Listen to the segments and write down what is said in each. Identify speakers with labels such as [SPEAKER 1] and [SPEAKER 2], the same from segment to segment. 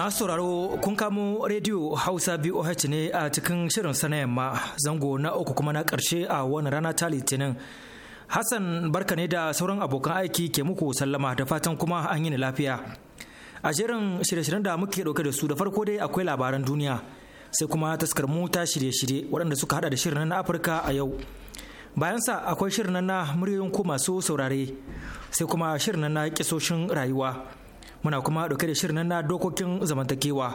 [SPEAKER 1] masu sauraro kun kamo rediyo hausa biyu boh ne a cikin shirin sana yamma zango na uku kuma na karshe a wani rana ta litinin hassan barka ne da sauran abokan aiki ke muku sallama da fatan kuma an yi ni lafiya a jerin shirye-shiryen da muke dauke da su da farko dai akwai labaran duniya sai kuma taskar mu ta shirye-shirye waɗanda suka hada da shirin na afirka a yau bayan sa akwai shirin na muryoyin ku masu saurare sai kuma shirin na kisoshin rayuwa muna kuma dauke da shirin na dokokin zamantakewa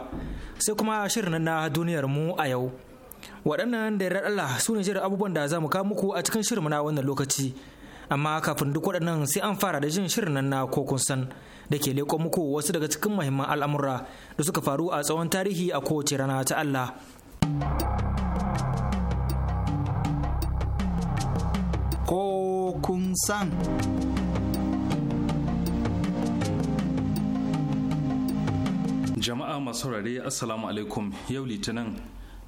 [SPEAKER 1] sai kuma shirin na duniyar mu a yau waɗannan da yarda Allah su ne shirin abubuwan da za mu kawo muku a cikin shirin na wannan lokaci amma kafin duk waɗannan sai an fara da jin shirin nan na kokun san da ke leƙo muku wasu daga cikin muhimman al'amura da suka faru a tsawon tarihi a kowace rana ta Allah. Kokun san.
[SPEAKER 2] jama'a masu saurare assalamu alaikum yau litinin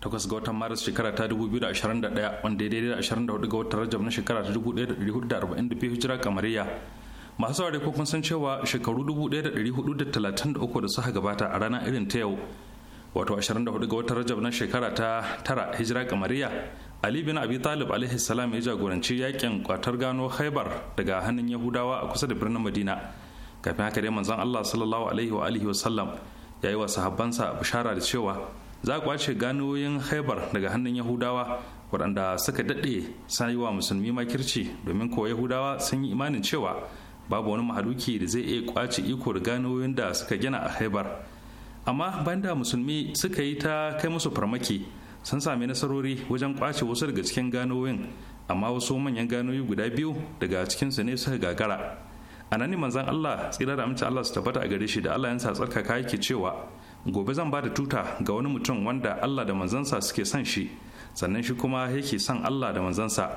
[SPEAKER 2] takwas ga watan maris shekara ta 2021 wanda ya daidai da 24 ga watan rajab na shekara ta 1442 hijira kamariya masu saurare ko kun san cewa shekaru 1433 da suka gabata a rana irin ta yau wato 24 ga watan rajab na shekara ta tara hijira kamariya ali bin abi talib alaihi salam ya jagoranci yakin kwatar gano haibar daga hannun yahudawa a kusa da birnin madina kafin haka dai manzon allah sallallahu alaihi wa alihi wa sallam ya yi wa sahabbansa bishara da cewa za a kwace ganoyin haibar daga hannun yahudawa waɗanda suka daɗe sai wa musulmi makirci domin ko yahudawa sun yi imanin cewa babu wani mahaluki da zai iya kwace iko da ganoyin da suka gina a haibar amma bayan da musulmi suka yi ta kai musu farmaki sun sami nasarori wajen kwace wasu daga cikin ganoyin amma wasu manyan ganoyi guda biyu daga cikinsu ne suka gagara a nan ne manzon Allah tsira da amince Allah su tabbata a gare shi da Allah yansa tsarkaka yake cewa gobe zan ba da tuta ga wani mutum wanda Allah da manzansa suke son shi sannan shi kuma yake son Allah da manzansa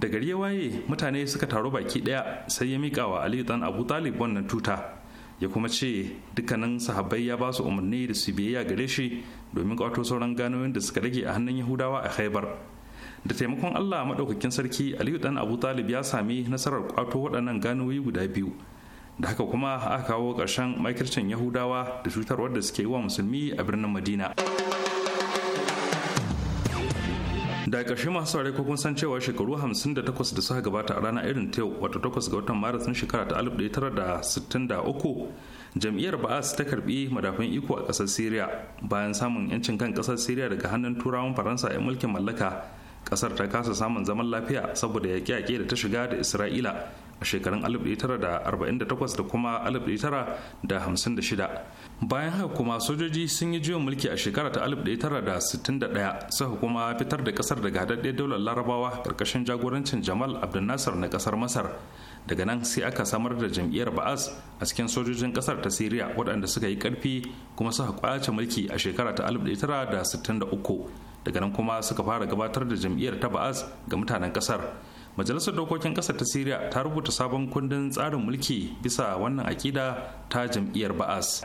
[SPEAKER 2] da gari ya waye mutane suka taru baki daya sai ya mika wa Ali dan Abu Talib wannan tuta ya kuma ce dukkanin sahabbai ya ba su umarni da su biyayya gare shi domin kwato sauran ganoyin da suka rage a hannun Yahudawa a Khaybar da taimakon allah maɗaukakin sarki aliyu dan abu talib ya sami nasarar kwato waɗannan ganoyi guda biyu da haka kuma aka kawo ƙarshen makircin yahudawa da cutarwar da suke yi wa musulmi a birnin madina da ƙarshe masu saurari ko kun san cewa shekaru 58 da suka gabata a ranar irin ta wato 8 ga watan maris na shekara ta 1963 jam'iyyar ba'as ta karbi madafin iko a ƙasar syria bayan samun yancin kan ƙasar syria daga hannun turawan faransa 'yan mulkin mallaka kasar ta kasa samun zaman lafiya saboda yaƙe-yaƙe da ta shiga da isra'ila a shekarun 1948 da kuma 1956 bayan haka kuma sojoji sun yi juyin mulki a shekara ta 1961 suka kuma fitar da kasar daga haɗaɗɗiyar daular larabawa ƙarƙashin jagorancin jamal nasir na kasar masar daga nan sai aka samar da jam'iyyar ba'az a cikin sojojin kasar ta siriya waɗanda suka yi ƙarfi kuma suka kwace mulki a shekara ta 1963 daga nan kuma suka fara gabatar da jam'iyyar ta ba'az ga mutanen kasar majalisar dokokin kasar ta siriya ta rubuta sabon kundin tsarin mulki bisa wannan akida ta jam'iyyar ba'as.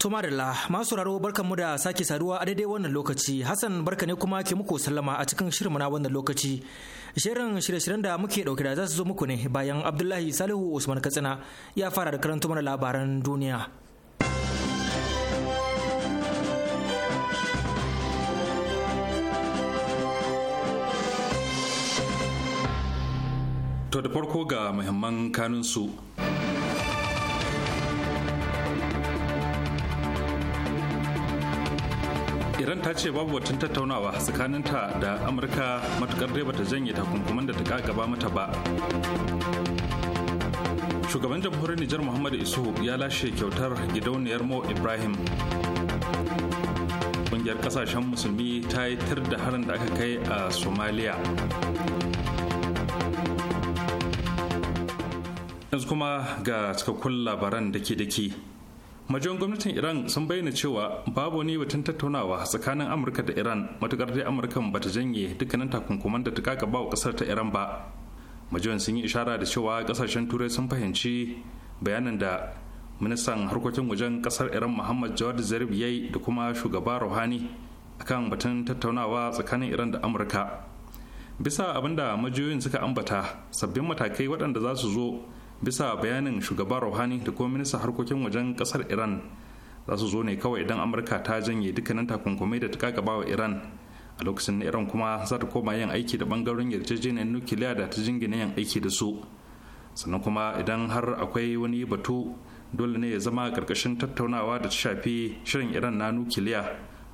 [SPEAKER 1] Tumarilla masu raro barkan mu da sake saduwa a daidai wannan lokaci Hassan barka ne kuma ke muku sallama a cikin shirin na wannan lokaci. Shirin shirye-shiryen da muke dauke da za su zo muku ne bayan Abdullahi Salihu Usman Katsina ya fara da karanta mana labaran duniya.
[SPEAKER 2] To da farko ga muhimman kanunsu. iran ta ce babu batun tattaunawa tsakaninta da amurka matukar dai bata janye takunkuman da ta gaba mata ba shugaban jamhuriyar nijar muhammadu isu ya lashe kyautar gidauniyar mo ibrahim kungiyar ƙasashen musulmi ta yi tir da harin da aka kai a somaliya yanzu kuma ga cikakkun labaran da ke majiyar gwamnatin iran sun bayyana cewa babu wani batun tattaunawa tsakanin amurka da iran matukar dai amurkan ta janye dukkanin takunkuman da ta kaka ba wa kasar ta iran ba majiyar sun yi ishara da cewa kasashen turai sun fahimci bayanin da ministan harkokin wajen kasar iran muhammad jawad zarif yayi da kuma shugaba ruhani akan batun tattaunawa tsakanin iran da amurka bisa abinda majiyoyin suka ambata sabbin matakai waɗanda za su zo bisa bayanin shugaban rohani da kuma minista harkokin wajen kasar iran za su zo ne kawai idan amurka ta janye dukkanin takunkumai da ta kakaba wa iran a lokacin na iran kuma za ta koma yin aiki da bangaren yarjejeniyar nukiliya da ta jingina yin aiki da su sannan kuma idan har akwai wani batu dole ne ya zama karkashin tattaunawa da ta shafi shirin iran na nukiliya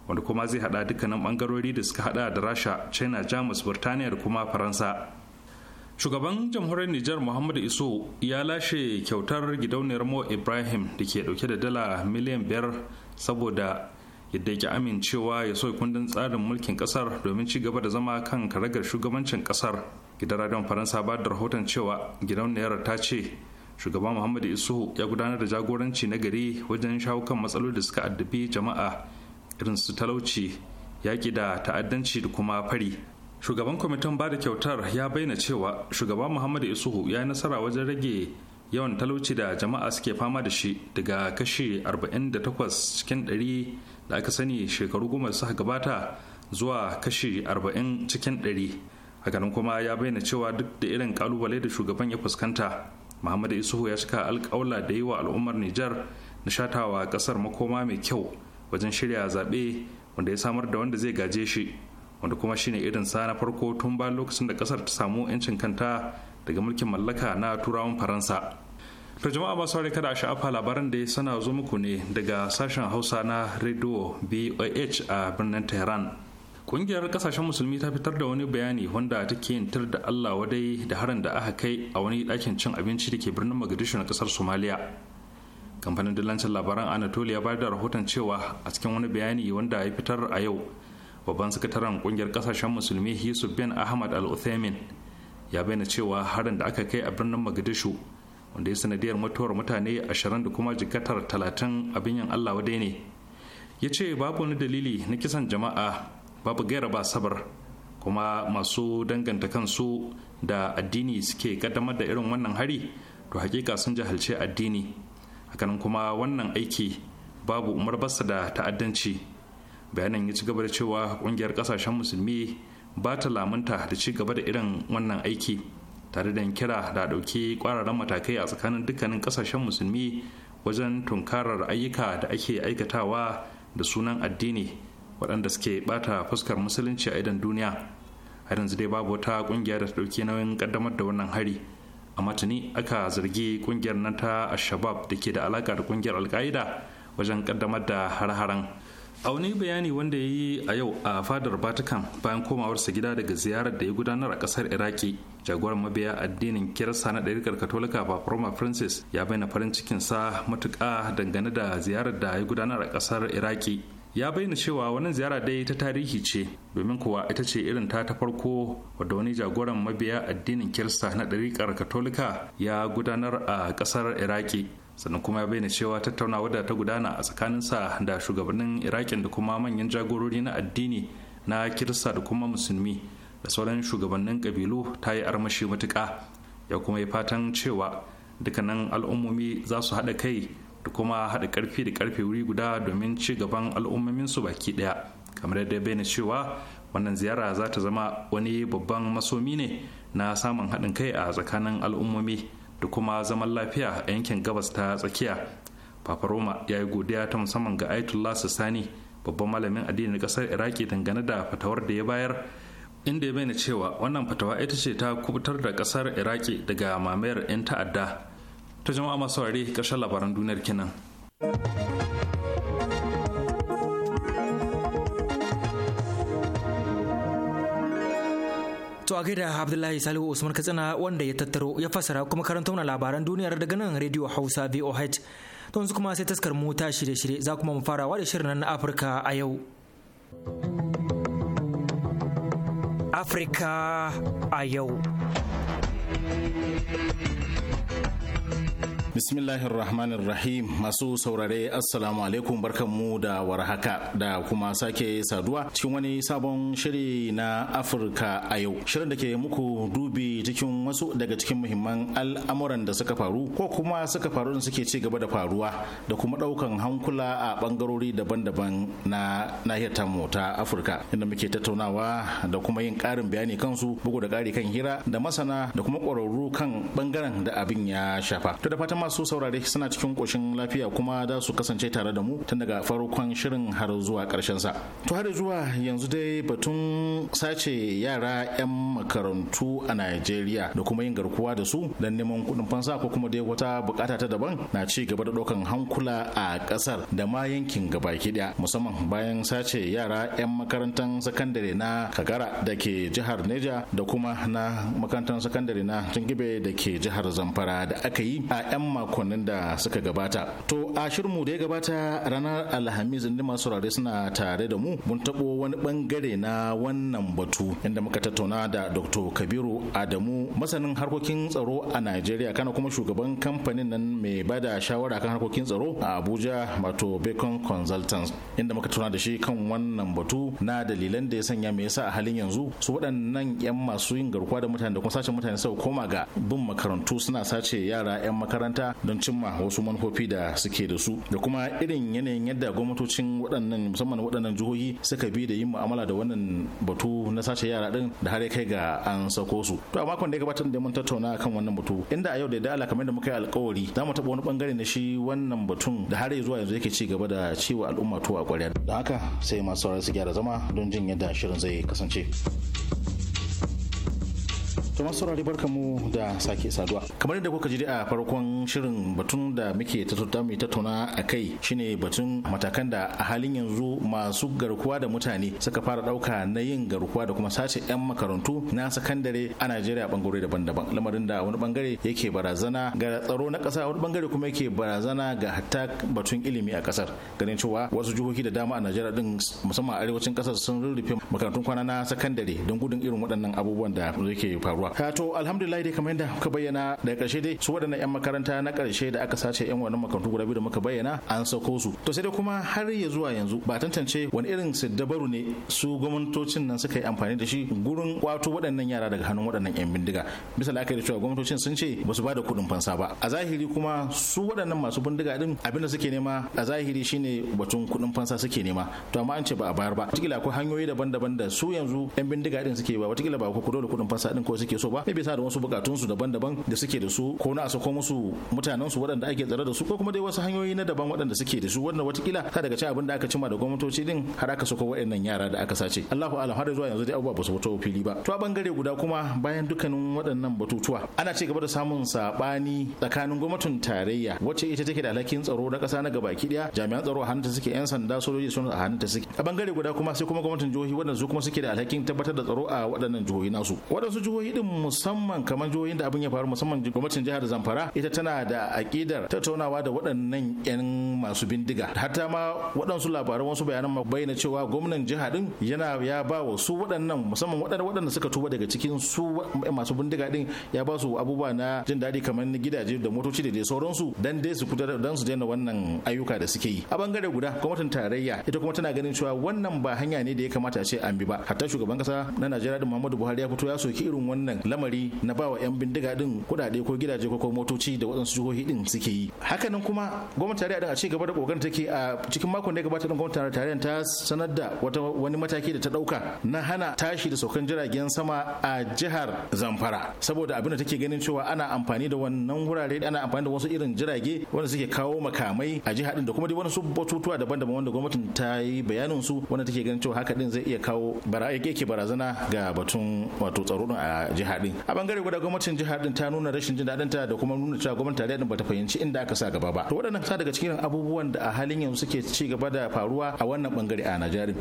[SPEAKER 2] wanda kuma zai hada dukkanin bangarori da suka hada da rasha china jamus burtaniya da kuma faransa shugaban jamhuriyar nijar muhammadu iso ya lashe kyautar gidauniyar mo ibrahim da ke dauke da dala miliyan biyar saboda yadda ki amincewa ya soya kundin tsarin mulkin kasar domin ci gaba da zama kan karagar shugabancin kasar gidan radon faransa ba da rahoton cewa gidauniyar ta ce shugaban muhammadu iso ya gudanar da jagoranci na gari wajen shawo kan matsaloli da suka addabi jama'a irin su talauci yaƙi da ta'addanci da kuma fari shugaban kwamitin ba da kyautar ya bayyana cewa shugaban muhammadu isuhu ya yi nasara wajen rage yawan talauci da jama'a suke fama da shi daga kashi 48 cikin 100 da aka sani shekaru goma suka gabata zuwa kashi 40 cikin 100 hakanan kuma ya bayyana cewa duk da irin kalubale da shugaban ya fuskanta muhammadu isuhu ya cika alkawla da yi wa al'ummar nijar nishatawa kasar makoma mai kyau wajen shirya zaɓe wanda ya samar da wanda zai gaje shi wanda kuma shine irin sa na farko tun bayan lokacin da kasar ta samu 'yancin kanta daga mulkin mallaka na turawan faransa to jama'a ba saurari kada a sha'afa labaran da sana zo muku ne daga sashen hausa na radio boh a birnin tehran ƙungiyar kasashen musulmi ta fitar da wani bayani wanda take yin tir da allah wadai da harin da aka kai a wani dakin cin abinci da ke birnin magadishu na ƙasar somaliya kamfanin dillancin labaran anatolia bayar da rahoton cewa a cikin wani bayani wanda ya fitar a yau babban sakataren kungiyar kasashen musulmi yusuf bin ahmad al uthaymin ya bayyana cewa harin da aka kai a birnin magadishu wanda ya sanadiyar mutuwar mutane ashirin da kuma jikatar talatin abin yin allah wadai ne ya ce babu wani dalili na kisan jama'a babu gaira ba sabar kuma masu danganta kansu da addini suke kaddamar da irin wannan hari to hakika sun jahalce addini hakanan kuma wannan aiki babu umar basa da ta'addanci bayanan ya ci gaba da cewa kungiyar kasashen musulmi ba ta lamunta da ci gaba da irin wannan aiki tare da kira da dauki kwararren matakai a tsakanin dukkanin kasashen musulmi wajen tunkarar ayyuka da ake aikatawa da sunan addini waɗanda suke bata fuskar musulunci a idan duniya har yanzu dai babu wata kungiya da ta dauki nauyin kaddamar da wannan hari amma tuni aka zargi kungiyar nan ta ashabab da ke da alaka da kungiyar alkaida wajen kaddamar da har-haren a wani bayani wanda ya yi a yau a fadar vatican bayan komawarsa gida daga ziyarar da ya gudanar a kasar iraki jagorar mabiya addinin kirista na ɗarikar katolika ba roma francis ya bayyana farin cikinsa matuƙa dangane da ziyarar da ya gudanar a kasar iraki ya bayyana cewa wannan ziyara dai ta tarihi ce domin kuwa ita ce irin ta ta farko wadda wani jagoran mabiya addinin kirista na ɗarikar katolika ya gudanar a ƙasar iraki sannan kuma ya bayyana cewa tattaunawa da ta gudana a tsakaninsa da shugabannin irakin da kuma manyan jagorori na addini na kirista da kuma musulmi da sauran shugabannin kabilu ta yi armashi matuƙa ya kuma yi fatan cewa dukkanin al'ummomi za su haɗa kai da kuma haɗa ƙarfi da ƙarfe wuri guda domin ci gaban al'ummominsu baki ɗaya kamar yadda ya bayyana cewa wannan ziyara za ta zama wani babban masomi ne na samun haɗin kai a tsakanin al'ummomi da kuma zaman lafiya a yankin gabas ta tsakiya papa ya yi godiya ta musamman ga ayatollah sani babban malamin addinin kasar iraki dangane da fatawar da ya bayar inda ya bayyana cewa wannan fatawa ita ce ta kubutar da kasar iraki daga mamayar 'yan ta'adda ta jama'a masu ware ƙarshen labaran duniyar kinan.
[SPEAKER 1] To a gaida Abdullahi Salihu Usman Katsina wanda ya tattaro ya fassara kuma karanta mana labaran duniyar daga nan Radio Hausa VOH. To yanzu kuma sai taskar mu ta shirye-shirye za kuma mu farawa da shirin na Afirka a yau. Afirka a yau.
[SPEAKER 3] Bismillahir Rahmanir Rahim masu saurare Assalamu alaikum barkanmu da warhaka da kuma sake saduwa cikin wani sabon shiri na Afirka a yau. Shirin da ke muku dubi cikin wasu daga cikin muhimman al'amuran da suka faru ko kuma suka faru da suke ci gaba da faruwa da kuma daukan hankula a bangarori daban-daban na nahiyar tamu ta Afirka inda muke tattaunawa da kuma yin karin bayani kansu bugu da kari kan hira da masana da kuma kwararru kan bangaren da abin ya shafa. To da fatan masu saurare suna cikin koshin lafiya kuma za su kasance tare da mu tun daga farkon shirin har zuwa karshen sa to har zuwa yanzu dai batun sace yara 'yan makarantu a Najeriya da kuma yin garkuwa da su don neman kuɗin fansa ko kuma dai wata bukata ta daban na ci gaba da ɗaukan hankula a ƙasar da ma yankin gabaki ɗaya musamman bayan sace yara 'yan makarantar sakandare na Kagara da ke jihar Neja da kuma na makarantar sakandare na Tungibe da ke jihar Zamfara da aka yi a 'yan makonnin da suka gabata to a shirmu da ya gabata ranar alhamis inda masu rare suna tare da mu mun taɓo wani bangare na wannan batu inda muka tattauna da dr kabiru adamu masanin harkokin tsaro a najeriya kana kuma shugaban kamfanin nan mai bada shawara kan harkokin tsaro a abuja wato bacon consultants inda muka tattauna da shi kan wannan batu na dalilan da ya sanya me yasa a halin yanzu su waɗannan 'yan masu yin garkuwa da mutane da kuma sace mutane sau koma ga bin makarantu suna sace yara 'yan makaranta don cimma wasu manufofi da suke da su da kuma irin yanayin yadda gwamnatocin waɗannan musamman waɗannan jihohi suka bi da yin mu'amala da wannan batu na sace yara din da har ya kai ga an sako su to a makon da ya gabata da mun tattauna kan wannan batu inda a yau da dala kamar da muka yi alkawari za mu taɓa wani bangare na shi wannan batun da har zuwa yanzu yake ci gaba da ciwo al'umma a ƙwarya da haka sai masu sauran su gyara zama don jin yadda shirin zai kasance. to masu saurari barka mu da sake saduwa kamar yadda kuka ji a farkon shirin batun da muke tattauna a kai shine batun matakan da a halin yanzu masu garkuwa da mutane suka fara dauka na yin garkuwa da kuma sace yan makarantu na sakandare a Najeriya bangare daban-daban lamarin da wani bangare yake barazana ga tsaro na kasa wani bangare kuma yake barazana ga hatta batun ilimi a kasar ganin cewa wasu jihohi da dama a Najeriya din musamman arewacin kasar sun rurrufe makarantun kwana na sakandare don gudun irin waɗannan abubuwan da yake faruwa ba. ka ah, to alhamdulillah dai kamar yadda ka bayyana da karshe dai su waɗannan yan makaranta na karshe da aka sace yan wannan makarantu guda biyu da muka bayyana an sako su to sai dai kuma har ya zuwa yanzu ba tantance wani irin dabaru ne su gwamnatocin nan suka yi amfani da shi gurin kwato waɗannan yara daga hannun waɗannan yan bindiga bisa yi cewa gwamnatocin sun ce ba su ba da kuɗin fansa ba a zahiri kuma su waɗannan masu bindiga din da suke nema a zahiri shine batun kuɗin fansa suke nema to amma an ce ba a bayar ba wataƙila akwai hanyoyi daban-daban da su yanzu yan bindiga din suke ba wataƙila ba ku da kuɗin fansa din ko suke suke so ba mai bisa da wasu bukatun su daban-daban da suke da su ko na sako musu mutanen su waɗanda ake tsare da su ko kuma dai wasu hanyoyi na daban waɗanda suke da su wanda watakila ta daga cikin abin da aka cima da gwamnatoci din har aka sako waɗannan yara da aka sace Allahu alam har zuwa yanzu dai abubuwa ba su fito fili ba to a bangare guda kuma bayan dukkanin waɗannan batutuwa ana ci gaba da samun sabani tsakanin gwamnatin tarayya wacce ita take da alhakin tsaro na ƙasa na gabaki daya jami'an tsaro a hannunta suke yan sanda sojoji sun a hannunta suke a bangare guda kuma sai kuma gwamnatin jihohi waɗanda su kuma suke da alhakin tabbatar da tsaro a waɗannan jihohi nasu waɗansu jihohi din musamman kamar jihohin da abin ya faru musamman gwamnatin jihar zamfara ita tana da akidar tattaunawa da waɗannan 'yan masu bindiga hatta ma waɗansu labaran wasu bayanan ma bayyana cewa gwamnan jihar din yana ya ba wa su waɗannan musamman waɗanda suka tuba daga cikin su masu bindiga din ya ba su abubuwa na jin daɗi kamar gidaje da motoci da dai sauransu dan dai su dan su daina wannan ayyuka da suke yi a bangare guda gwamnatin tarayya ita kuma tana ganin cewa wannan ba hanya ne da ya kamata a ce an bi ba hatta shugaban kasa na Najeriya din Muhammadu Buhari ya fito ya soki irin wannan wannan lamari na bawa 'yan bindiga din kudade ko gidaje ko motoci da waɗansu jihohi din suke yi hakanan kuma gwamnati tarayya din a ci gaba da kokarin take a cikin makon da ya gabata din gwamnati tare ta sanar da wata wani mataki da ta dauka na hana tashi da saukan jiragen sama a jihar Zamfara saboda abin da take ganin cewa ana amfani da wannan wurare ana amfani da wasu irin jirage wanda suke kawo makamai a jihar din da kuma dai wani su batutuwa daban-daban wanda gwamnatin ta yi bayanin su wanda take ganin cewa haka din zai iya kawo barazana ga batun wato tsaro a jihar jiha a bangare guda gwamnatin jiha din ta nuna rashin jin daɗin ta da kuma nuna cewa gwamnatin tarayya ba ta fahimci inda aka sa gaba ba to waɗannan sa daga cikin abubuwan da a halin yanzu suke ci gaba da faruwa a wannan bangare a Najeriya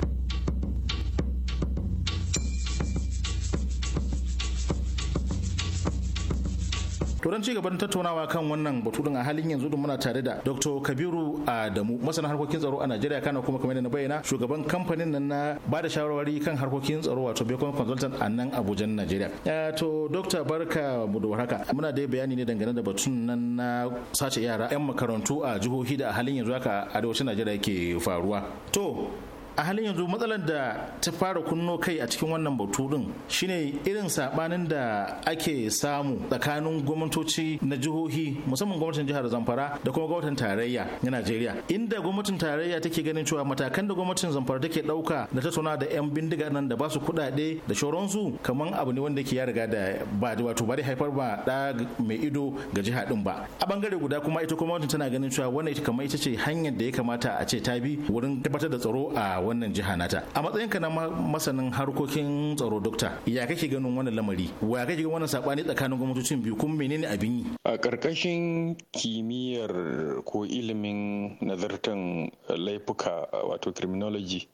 [SPEAKER 3] to don ci gaban tattaunawa kan wannan batu din a halin yanzu din muna tare da Dr. Kabiru Adamu masana harkokin tsaro a Najeriya kana kuma kamar na bayyana shugaban kamfanin nan na ba da shawarwari kan harkokin tsaro wato Becom Consultant a nan Abuja Najeriya to Dr. Barka mu da warhaka muna da bayani ne dangane da batun nan na sace yara 'yan makarantu a jihohi da a halin yanzu haka arewacin Najeriya ke faruwa to a halin yanzu matsalar da ta fara kunno kai a cikin wannan batu din shine irin sabanin da ake samu tsakanin gwamnatoci na jihohi musamman gwamnatin jihar zamfara da kuma gwamnatin tarayya na najeriya inda gwamnatin tarayya take ganin cewa matakan da gwamnatin zamfara take dauka da ta tona da yan bindiga nan da basu kudade da shoronsu kamar abu ne wanda ke ya riga da ba wato bari haifar ba da mai ido ga jiha din ba a bangare guda kuma ita kuma tana ganin cewa wannan ita kamar ita ce hanyar da ya kamata a ce ta bi wurin tabbatar da tsaro a wannan jiha nata a matsayin na masanin harkokin tsaro dokta ya kake ganin wannan lamari wa kake ganin wannan sabani tsakanin gwamnatocin biyu kuma menene
[SPEAKER 4] abin yi a karkashin kimiyyar ko ilimin nazartan laifuka wato criminology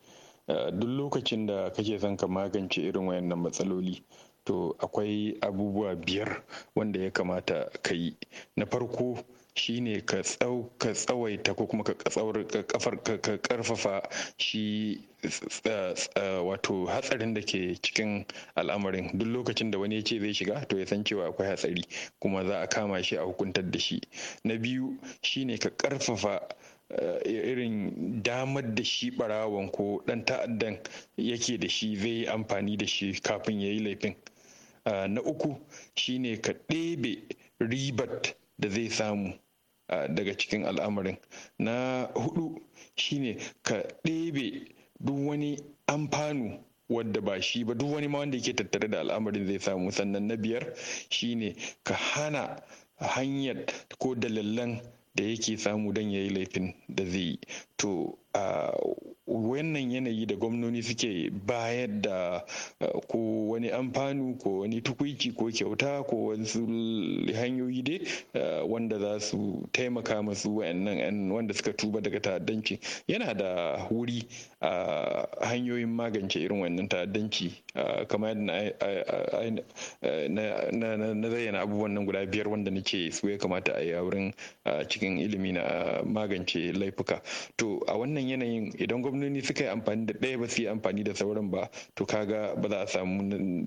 [SPEAKER 4] duk lokacin da kake son ka magance irin wayannan matsaloli to akwai abubuwa biyar wanda ya kamata ka yi na farko shine ka tsau ka tsawaita ko kuma ka katsawar kafar ka karfafa shi wato hatsarin da ke cikin al'amarin duk lokacin da wani ya ce zai shiga to ya san cewa akwai hatsari kuma za a kama shi a hukuntar da shi na biyu shine ka karfafa eh, irin damar da shi barawon ko dan ta'addan yake da shi zai yi amfani da shi kafin ya yi laifin ah, na uku shine ka ɗebe ribar da zai samu daga cikin al'amarin na hudu shine ka ɗebe duk wani amfanu wadda ba shi ba duk wani ma wanda yake tattare da al'amarin zai samu sannan na biyar shine ka hana hanyar ko dalilan da yake samu don ya yi laifin da zai yi to Ah, wannan yanayi da gwamnoni suke bayar da ah, ko wani amfanu ko wani tukuiki ko kyauta ko wasu hanyoyi dai ah, wanda za su taimaka masu wayannan wanda suka tuba daga ta'addanci yana da wuri a hanyoyin magance irin wannan ta'addanci kamar yadda na zayyana abubuwan nan guda biyar wanda nake su ya kamata a yi a wurin cikin ilimi na magance laifuka to a wannan wannan yanayin idan gwamnoni suka yi amfani da ɗaya ba su yi amfani da sauran ba to kaga ba za a samu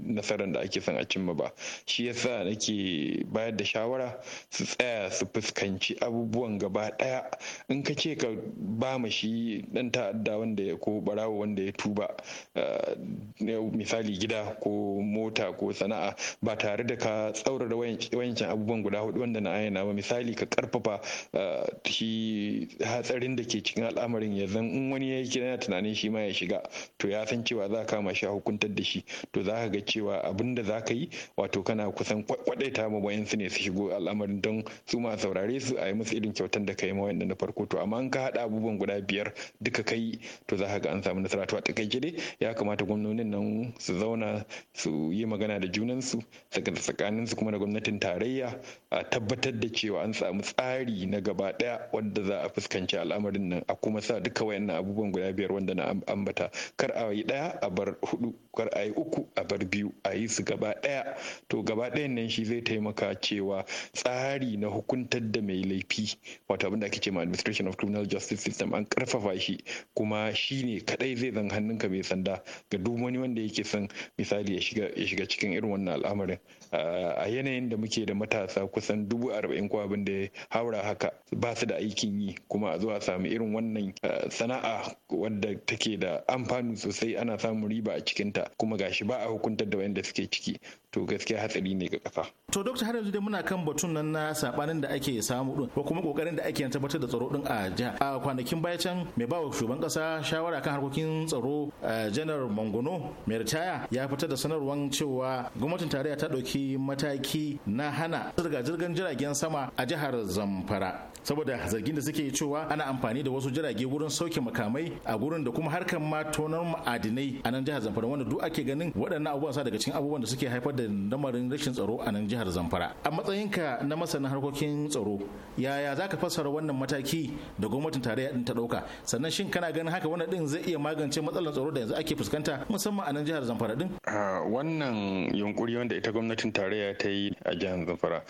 [SPEAKER 4] nasarar da ake son a cimma ba shi yasa nake bayar da shawara su tsaya su fuskanci abubuwan gaba ɗaya in ka ce ka ba ma shi ɗan ta'adda wanda ya ko barawo wanda ya tuba eh, misali gida ko mota ko sana'a ba tare da ka tsaurara wayancin abubuwan guda hudu wanda na ayyana ba misali ka karfafa eh, shi hatsarin da ke cikin al'amarin ya yanzu in wani ya kira yana tunanin shi ma ya shiga to ya san cewa za kama shi a hukuntar da shi to za ka ga cewa abin da za ka yi wato kana kusan kwadaita ma wayansu ne su shigo al'amarin don su ma saurare su a yi musu irin kyautar da ka yi ma wayanda na farko to amma in ka haɗa abubuwan guda biyar duka kai to za ka ga an samu nasara to a takaice dai ya kamata gwamnonin nan su zauna su yi magana da junansu su kuma da gwamnatin tarayya a tabbatar da cewa an samu tsari na gaba ɗaya wanda za a fuskanci al'amarin nan a kuma sa duk Kawai na abubuwan guda biyar wanda na ambata kar a yi ɗaya a bar hudu kar a yi uku a bar biyu a yi su gaba ɗaya to gaba ɗayan nan shi zai taimaka cewa tsari na hukuntar da mai laifi wato abinda ake ce ma administration of criminal justice system an karfafa shi kuma shi ne kadai zai zan hannunka mai sanda ga duk wani wanda yake son misali ya shiga cikin irin wannan al'amarin a yanayin da muke da matasa kusan dubu arba'in ko abin da ya haura haka ba su da aikin yi kuma a zuwa samu irin wannan sana'a wadda take da amfani sosai ana samun riba a cikinta kuma gashi ba a hukuntar da wanda suke ciki to gaskiya hatsari ne ga kasa.
[SPEAKER 3] To dokta har yanzu dai muna kan batun nan na sabanin da ake samu din ko kuma kokarin da ake tabbatar da tsaro din a jiha. A kwanakin baya can mai bawa shugaban kasa shawara kan harkokin tsaro janar Mangono mai ritaya ya fitar da sanarwar cewa gwamnatin tarayya ta dauki mataki na hana zirga-zirgar jiragen sama a jihar Zamfara. Saboda zargin da suke cewa ana amfani da wasu jirage wurin sauke makamai a gurin da kuma harkar ma tonar ma'adinai a nan jihar Zamfara wanda duk ake ganin waɗannan abubuwan sa daga cikin abubuwan da suke haifar da da lamarin rashin tsaro a nan jihar zamfara a matsayinka na masanin harkokin tsaro yaya za ka fassara wannan mataki da gwamnatin tarayya din ta ɗauka sannan shin kana ganin haka wannan din zai iya magance matsalar tsaro da yanzu ake fuskanta musamman a nan jihar zamfara din
[SPEAKER 4] wannan yunkuri wanda ita gwamnatin tarayya ta yi a jihar zamfara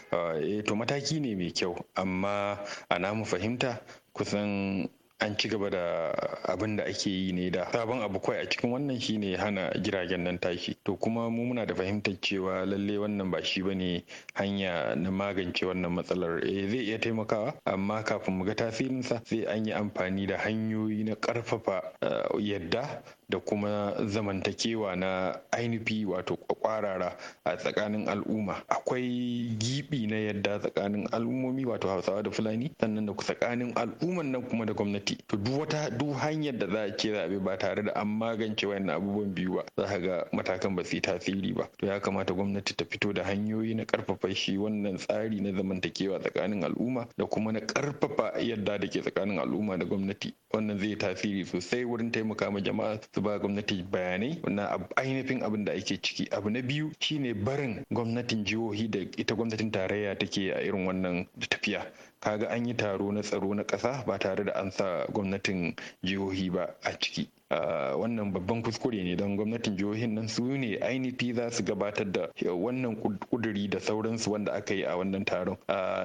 [SPEAKER 4] eh to mataki ne mai kyau amma a mu fahimta kusan an ci gaba da abin da ake yi ne da sabon abu kawai a cikin wannan shine hana jiragen nan tashi to kuma mu muna da fahimtar cewa lalle wannan ba shi bane hanya na magance wannan matsalar eh zai iya taimakawa amma kafin mu ga tasirinsa sai an yi amfani da hanyoyi na ƙarfafa eh, yadda da kuma zamantakewa na ainihi wato kwarara a tsakanin al'umma akwai gibi na yadda tsakanin al'ummomi wato hausawa da fulani sannan da tsakanin al'umman nan kuma da gwamnati to duk wata duk hanyar da za a ce zaɓe ba tare da an magance wayan abubuwan biyu ba za ka ga matakan ba su yi tasiri ba to ya kamata gwamnati ta fito da hanyoyi na karfafa shi wannan tsari na zamantakewa tsakanin al'umma da kuma na karfafa yadda da ke tsakanin al'umma da gwamnati wannan zai tasiri sosai wurin taimaka ma jama'a su ba gwamnati bayanai na ainihin abin da ake ciki abu na biyu shine barin gwamnatin jihohi da ita gwamnatin tarayya take a irin wannan tafiya kaga an yi taro na tsaro na ƙasa ba tare da an sa gwamnatin jihohi ba a ciki wannan babban kuskure ne don gwamnatin jihohin nan su ne ainihi za su gabatar da wannan kuduri da sauransu wanda aka yi a wannan taron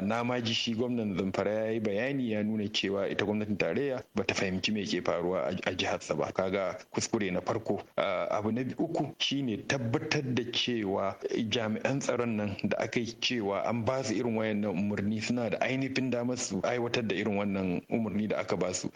[SPEAKER 4] na ma ji shi gwamnan zamfara ya yi bayani ya nuna cewa ita gwamnatin tarayya ba ta fahimci me ke faruwa a jiharsa ba kaga kuskure na farko abu na uku shine tabbatar da cewa jami'an tsaron nan da aka yi cewa an ba su irin wayannan umarni suna da ainihin damar su aiwatar da irin wannan umarni da aka ba su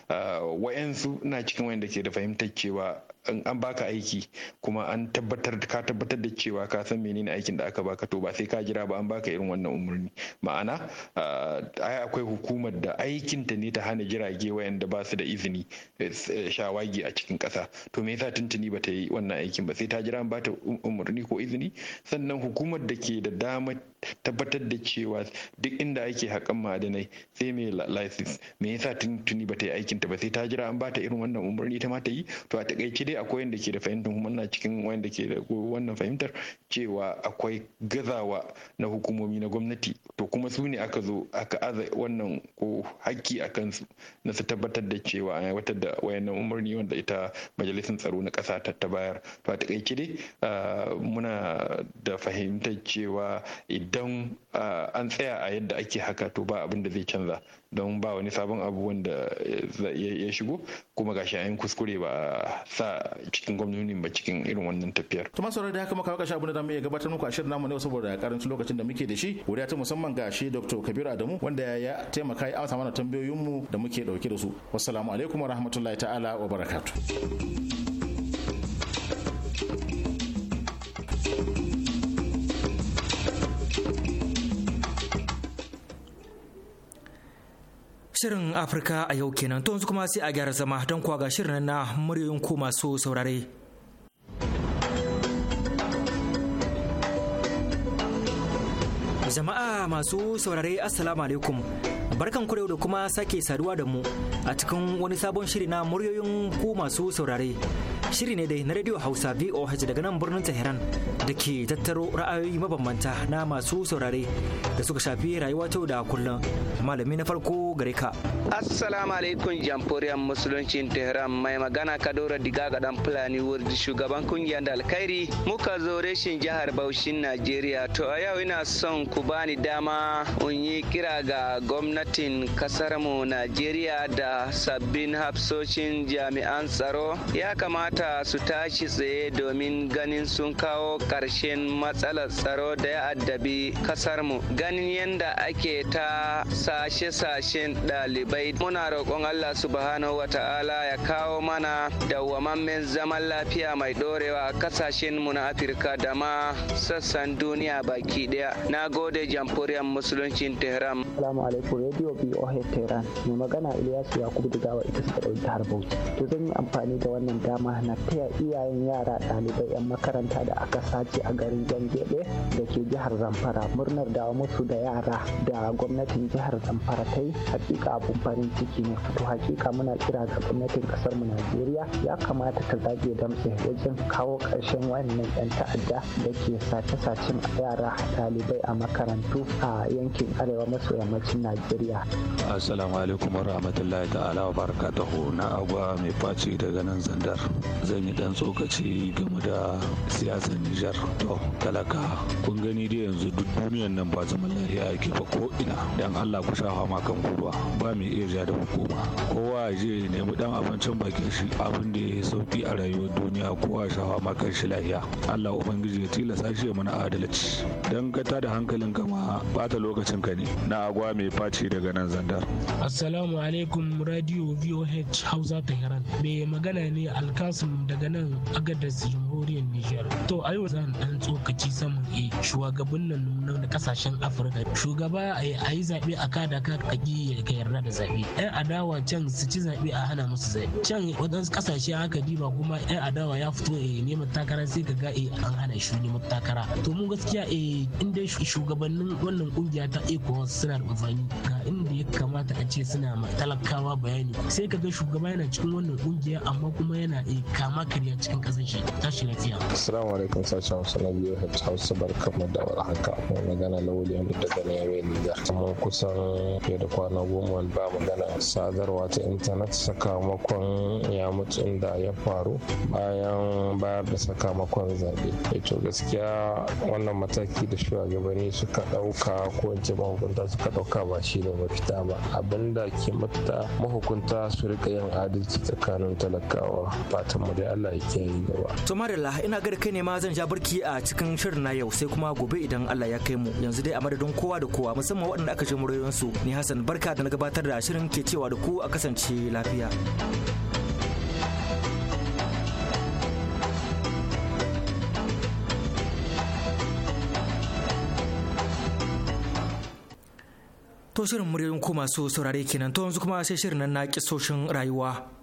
[SPEAKER 4] wayansu na cikin wayanda ke da fahimta cewa in an baka aiki kuma an tabbatar ka tabbatar da cewa ka san menene aikin da aka baka to ba sai ka jira ba an baka irin wannan umarni ma'ana ah, ai akwai hukumar da aikinta ne ta hana jirage wayanda ba su da izini eh, shawagi a cikin ƙasa to me yasa tuntuni ba ta yi wannan aikin ba sai ta jira an bata umarni ko izini sannan hukumar da ke da damar tabbatar da cewa duk inda ake haƙan ma'adanai sai mai license me yasa tuntuni ba ta yi aikinta ba sai ta jira an bata irin wannan umarni ta ma ta yi to a takaice dai akwai wanda ke da fahimtar kuma na cikin wanda ke da wannan fahimtar cewa akwai gazawa na hukumomi na gwamnati to kuma su ne aka zo aka aza wannan ko hakki a kansu na su tabbatar da cewa an aiwatar da wayannan umarni wanda ita majalisar tsaro na ƙasa ta ta bayar to a takaice dai muna da fahimtar cewa idan an tsaya a yadda ake haka to ba abin da zai canza don ba wani sabon abu wanda eh, ya shigo kuma ga shi yayin kuskure ba sa cikin gwamnonin ba cikin irin wannan tafiyar.
[SPEAKER 3] Tuma sauran da haka maka kashe abu da zamu gabatar muku a shirin namu ne saboda karancin lokacin da muke da shi wuriya ta musamman ga shi Dr. Kabiru Adamu wanda ya taimaka ya amsa mana mu da muke dauke da su. Wassalamu alaikum wa rahmatullahi ta'ala wa barakatuh.
[SPEAKER 1] Shirin Afirka a yau kenan to yanzu kuma sai a gyara zama don kuwa ga shirin na muryoyin ku masu saurare. Jama'a masu saurare Assalamu alaikum Barkan ku da kuma sake saduwa da mu a cikin wani sabon shiri na muryoyin ku masu saurare. Shiri ne dai na Radio Hausa VOH daga nan birnin Tehran da ke tattaro ra'ayoyi mabambanta na masu saurare da suka shafi rayuwa ta da kullum. Malami na farko gare ka.
[SPEAKER 5] Assalamu alaikum jamhuriyar musuluncin Tehran mai magana Kadora Diga ga dan Fulani Wurdi shugaban kungiyar da alkhairi muka zo reshin jihar Bauchi Najeriya to a yau ina son ku bani dama in yi kira ga gwamnati gwamnatin mu Najeriya da sabbin hafsoshin jami'an tsaro ya kamata su tashi tsaye domin ganin sun kawo ƙarshen matsalar tsaro da ya addabi kasarmu. Ganin yadda ake ta sashe-sashen ɗalibai muna roƙon Allah subhanahu wa ta'ala ya kawo mana dawwamammen zaman lafiya mai ɗorewa a ƙasashenmu na Afirka da ma sassan duniya baki ɗaya. Na gode jamhuriyar musuluncin Tehran. Assalamu alaikum radio
[SPEAKER 1] BOH tehran mai magana ilyasu yakubu digawa ita suka ɗauki har bauchi to zan yi amfani da wannan dama na taya iyayen yara ɗalibai 'yan makaranta da aka sace a garin jangebe da ke jihar zamfara murnar da musu da yara da gwamnatin jihar zamfara ta yi hakika abun farin ciki ne to hakika muna kira ga gwamnatin kasar mu najeriya ya kamata ta zage damtse wajen kawo ƙarshen wannan 'yan ta'adda da ke sace-sacen yara ɗalibai a makarantu a yankin arewa maso yammacin najeriya Najeriya.
[SPEAKER 5] Assalamu alaikum warahmatullahi ta'ala wa barakatuhu na agwa mai faci daga nan zandar. Zan yi dan tsokaci game da siyasar Nijar. To talaka kun gani dai yanzu duk duniyar nan ba zaman lafiya ake ba ko ina dan Allah ku sha fama kan ruwa ba mai iya ja da hukuma. Kowa ya nemi dan abincin bakin shi abin da ya sauki a rayuwar duniya kowa sha fama kan shi lafiya. Allah ubangiji ya tilasa shi mana adalci. Dan ka da hankalin kama ta lokacin ka ne. Na agwa mai faci Bashir daga nan Zandar.
[SPEAKER 6] Assalamu alaikum Radio VOH Hausa Tehran. Mai magana ne Alkasim daga nan Agadez jamhuriyar Nijar. To a yau zan dan tsokaci saman e shugabannin na kasashen Afirka. Shugaba eh, a yi zaɓe a kada ka kaki ka yarda da zaɓe. Yan adawa can su ci zaɓe a hana musu zaɓe. Can wadansu kasashe haka diba kuma yan adawa ya fito e neman takara sai kaga ga e an
[SPEAKER 1] hana shi neman takara.
[SPEAKER 6] To mu gaskiya e inda shugabannin wannan kungiya ta ECOWAS suna da amfani ga inda ya kamata a ce suna talakawa bayani. Sai ka ga shugaba yana cikin wannan kungiya amma kuma yana
[SPEAKER 7] kama karya cikin kasashe tashi lafiya.
[SPEAKER 4] Assalamu alaikum sashen Hausa na biyu Hausa barkamu da warhaka. Mai magana Lawli Hamdu daga Niamey Nijar. Mun kusan fiye da kwana goma ba magana sadarwa ta intanet sakamakon ya mutu inda ya faru bayan bayar da sakamakon zaɓe. Ito eh gaskiya wannan mataki da shugabanni suka ɗauka ko in ce mahukunta suka ɗauka ba shi ne mafita
[SPEAKER 6] ba. Abinda ke mahukunta su rika yin adalci tsakanin talakawa.
[SPEAKER 5] Fatan mu dai Allah ya yi gaba.
[SPEAKER 1] Barilla ina ga kai ne ma zan ja barki a cikin shirin na yau sai kuma gobe idan Allah ya kai mu yanzu dai a madadin kowa da kowa musamman waɗanda aka ji su ni Hassan barka da na gabatar da shirin ke cewa da ku a kasance lafiya. To shirin muryoyin ku masu saurare kenan to yanzu kuma sai shirin nan na kisoshin rayuwa.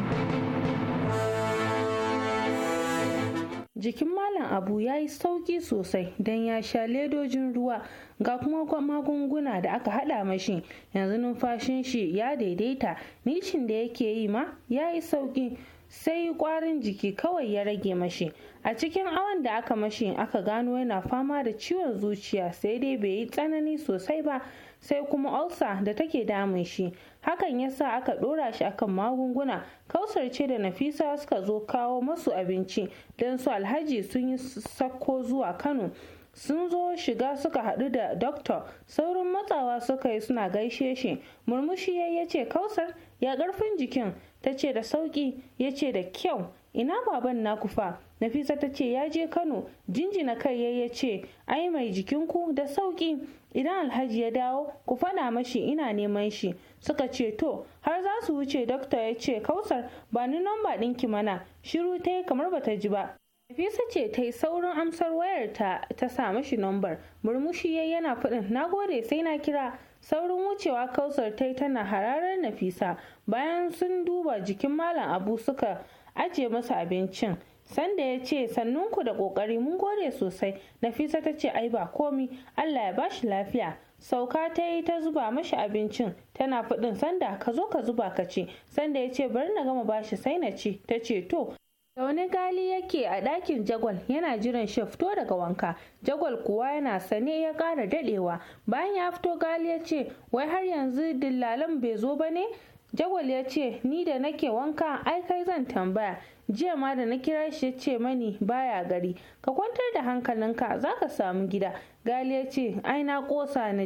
[SPEAKER 8] jikin malam abu ya yi sauki sosai don ya sha ledojin ruwa ga kuma magunguna da aka hada mashi yanzu numfashin shi ya daidaita nishin da yake yi ma ya yi sauki sai kwarin jiki kawai ya rage mashi a cikin awon da aka mashi aka gano yana fama da ciwon zuciya sai dai bai yi tsanani sosai ba sai kuma ulcer da take damun shi hakan ya sa aka ɗora shi akan magunguna kausar ce da nafisa suka zo kawo masu abinci don su alhaji sun yi sakko zuwa kano sun zo shiga suka haɗu da doktor saurin matsawa suka yi suna gaishe shi murmushi ya ce kausar ya karfin jikin ta ce da sauƙi ya ce da kyau ina baban naku fa nafisa ta ce ya je kano jinjina kai ya ce ai mai jikinku da sauƙi idan alhaji ya dawo ku faɗa mashi ina neman shi suka ce to har za su wuce dokta ya ce kausar ba ni nomba ɗinki mana shiru ta yi kamar bata ji ba Nafisa ce ta yi saurin amsar wayar ta sa mashi nambar murmushi ya yana faɗin na gode sai na kira saurin wucewa kausar ta yi tana hararar Nafisa bayan sun duba jikin malam abu suka ajiye masa abincin sanda ya ce sannunku da kokari mun gode sosai nafisa ta ce ai ba komi allah ya bashi lafiya sauka ta yi ta zuba mashi abincin tana faɗin sanda ka zo ka zuba ka ce sanda ya ce bari na gama bashi sai na ci ta ce to da wani gali yake a ɗakin jagwal yana jiran shi fito daga wanka jagwal kuwa yana sane ya ƙara daɗewa bayan ya fito gali ya ce wai har yanzu dillalan bai zo ba ne jagwal ya ce ni da nake wanka ai kai zan tambaya jiya ma da na kira shi ya ce mani baya gari ka kwantar da hankalinka za ka samu gida gali ya ce ai na kosa na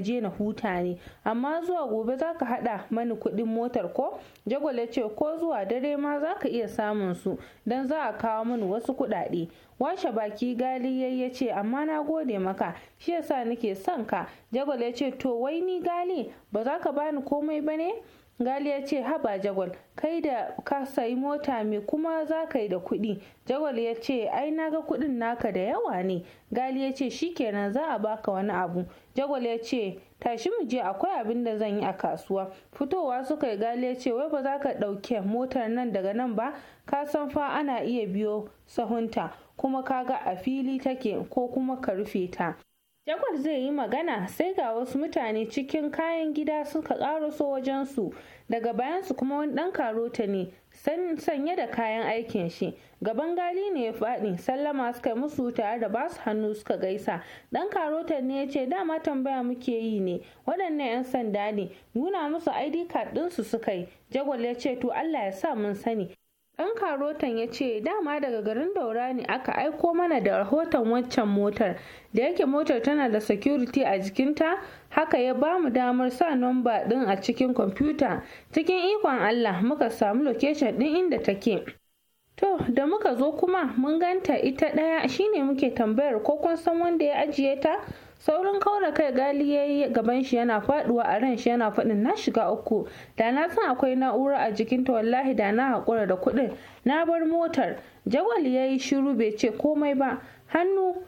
[SPEAKER 8] je na huta ne amma zuwa gobe za ka hada mani kudin motar ko jagwal ya ce ko zuwa dare ma za ka iya samun su don za a kawo mani wasu kudade washe baki gali ya ya ce amma na gode maka shi yasa nake son ka jagwal ya ce to wai ni gali ba za ka bani komai ba ne gali ya ce haba jagwal kai da ka sayi mota me kuma za ka yi da kuɗi jagwal ya ce ai na ga kuɗin naka da yawa ne gali ya ce kenan za a baka wani abu jagwal ya ce tashi mu je akwai abin da zan yi a kasuwa fitowa suka yi gali ya ce wai ba za ka ɗauke motar nan daga nan ba ka san fa ana iya biyo sahunta kuma ka ga a fili take ko kuma ka rufe ta Jakwar zai yi magana sai ga wasu mutane cikin kayan gida suka wajen wajensu daga bayansu kuma wani ɗan karota ne sanye da kayan aikin shi gaban gali ne ya faɗi sallama suka musu tare da basu hannu suka gaisa ɗan karotar ne ya ce dama tambaya muke yi ne waɗannan 'yan sanda ne nuna musu id card su suka yi jagwal ya ce to allah ya sa mun sani Ɗan karotan ya ce dama daga garin daura ne aka aiko mana da rahoton waccan motar da yake motar tana da security a jikinta haka ya ba mu damar sa nomba ɗin a cikin kwamfuta cikin ikon Allah muka samu location ɗin inda take. To da muka zo kuma mun ganta ita ɗaya shine muke tambayar ko kun san wanda ya ajiye ta saurin kaura kai gali ya yi gaban shi yana faduwa a ran shi yana faɗin na shiga uku da na san akwai na'ura a jikinta wallahi da na haƙura da kuɗin na bar motar jawal ya yi shiru bai ce komai ba hannu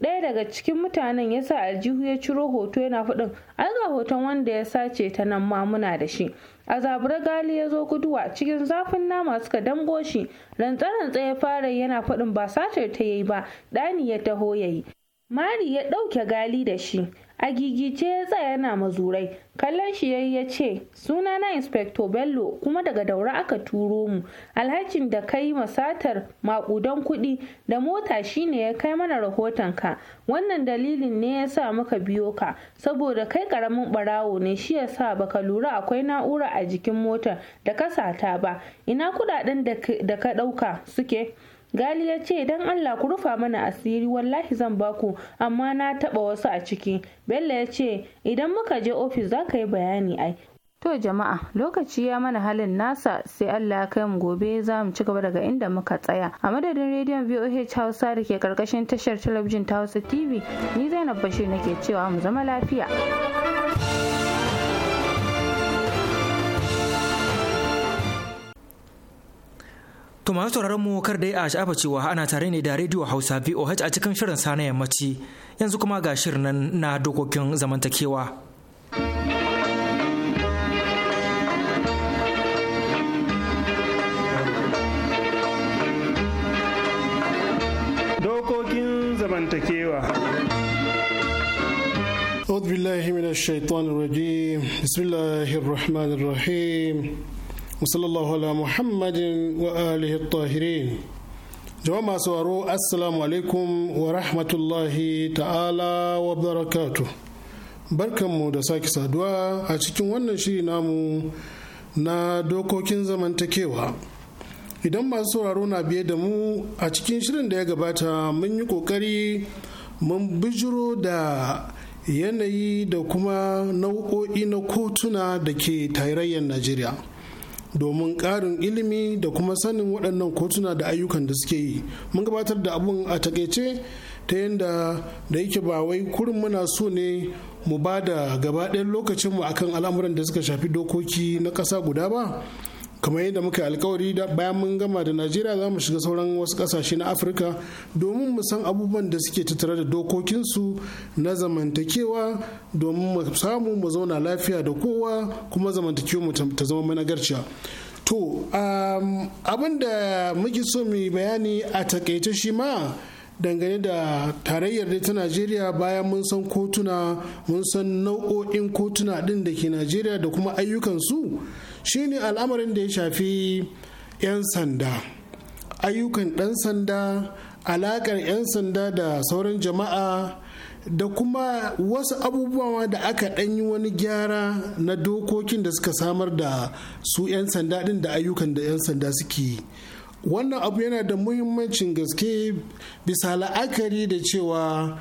[SPEAKER 8] ɗaya daga cikin mutanen ya sa aljihu ya ciro hoto yana faɗin an ga hoton wanda ya sace ta nan ma muna da shi a zabura gali ya zo guduwa cikin zafin nama suka dango shi rantsa-rantsa ya fara yana faɗin ba satar ta yi ba ɗani ya taho ya yi mari ya ɗauke gali da shi a gigice ya tsaya yana mazurai kallon shi yayi ya ce suna na inspector bello kuma daga daura aka turo mu alhakin da ka yi masatar makudan kuɗi da mota shine ya kai mana rahoton ka wannan dalilin ne ya sa muka biyo ka saboda kai ƙaramin ɓarawo ne shi ya sa baka lura akwai na'ura a jikin motar da ka sata ba ina kuɗaɗen da ka ɗauka suke gali ya ce "Idan allah ku rufa mana asiri wallahi zan baku amma na taba wasu a ciki bello ya ce idan muka je ofis za ka yi bayani ai to jama'a lokaci ya mana halin nasa sai allah ya kai mu gobe za mu ci gaba daga inda muka tsaya a madadin rediyon voh hausa da ke karkashin tashar talabijin ta hausa tv ni zainab bashir nake cewa mu zama lafiya
[SPEAKER 1] To masu sauraron mu kar dai a sha'afa cewa ana tare ne da Radio Hausa VOH a cikin shirin sa na yammaci. Yanzu kuma ga shirin nan na dokokin zamantakewa.
[SPEAKER 6] Dokokin zamantakewa. أعوذ بالله من الشيطان الرجيم بسم الله الرحمن الرحيم musallallahu ala muhammadin wa alihi tahirin jama'a masu waro assalamu alaikum wa rahmatullahi ta'ala wa barakatu barkanmu da sake saduwa a cikin wannan shiri namu na dokokin zamantakewa idan masu sauraro na biye da mu a cikin shirin da ya gabata mun yi kokari mun bijiro da yanayi da kuma nau'o'i na kotuna da ke tarayyar najeriya domin ƙarin ilimi da kuma sanin waɗannan kotuna da ayyukan da suke yi mun gabatar da abun a takaice ta yadda da yake ba wai kurin muna so ne mu ba da gaba ɗayan lokacinmu akan al'amuran da suka shafi dokoki na ƙasa guda ba kamar yadda muka alkawari bayan mun gama da najeriya za mu shiga sauran wasu kasashe na afirka domin mu san abubuwan da suke tattare da dokokinsu na zamantakewa domin mu samu mu zauna lafiya da kowa kuma zamantakewa mu ta zama managarciya to abin da muke so mu bayani a takaice shi ma dangane da tarayyar da ta najeriya bayan mun san kotuna mun san nau'o'in kotuna din da ke najeriya da kuma ayyukansu su shine al'amarin da ya shafi 'yan sanda ayyukan ɗan sanda alaƙar 'yan sanda da sauran jama'a da kuma wasu abubuwa da aka ɗanyi wani gyara na dokokin da suka samar da su 'yan sanda ɗin da ayyukan da 'yan sanda suke wannan abu yana da muhimmancin gaske bisa la'akari da cewa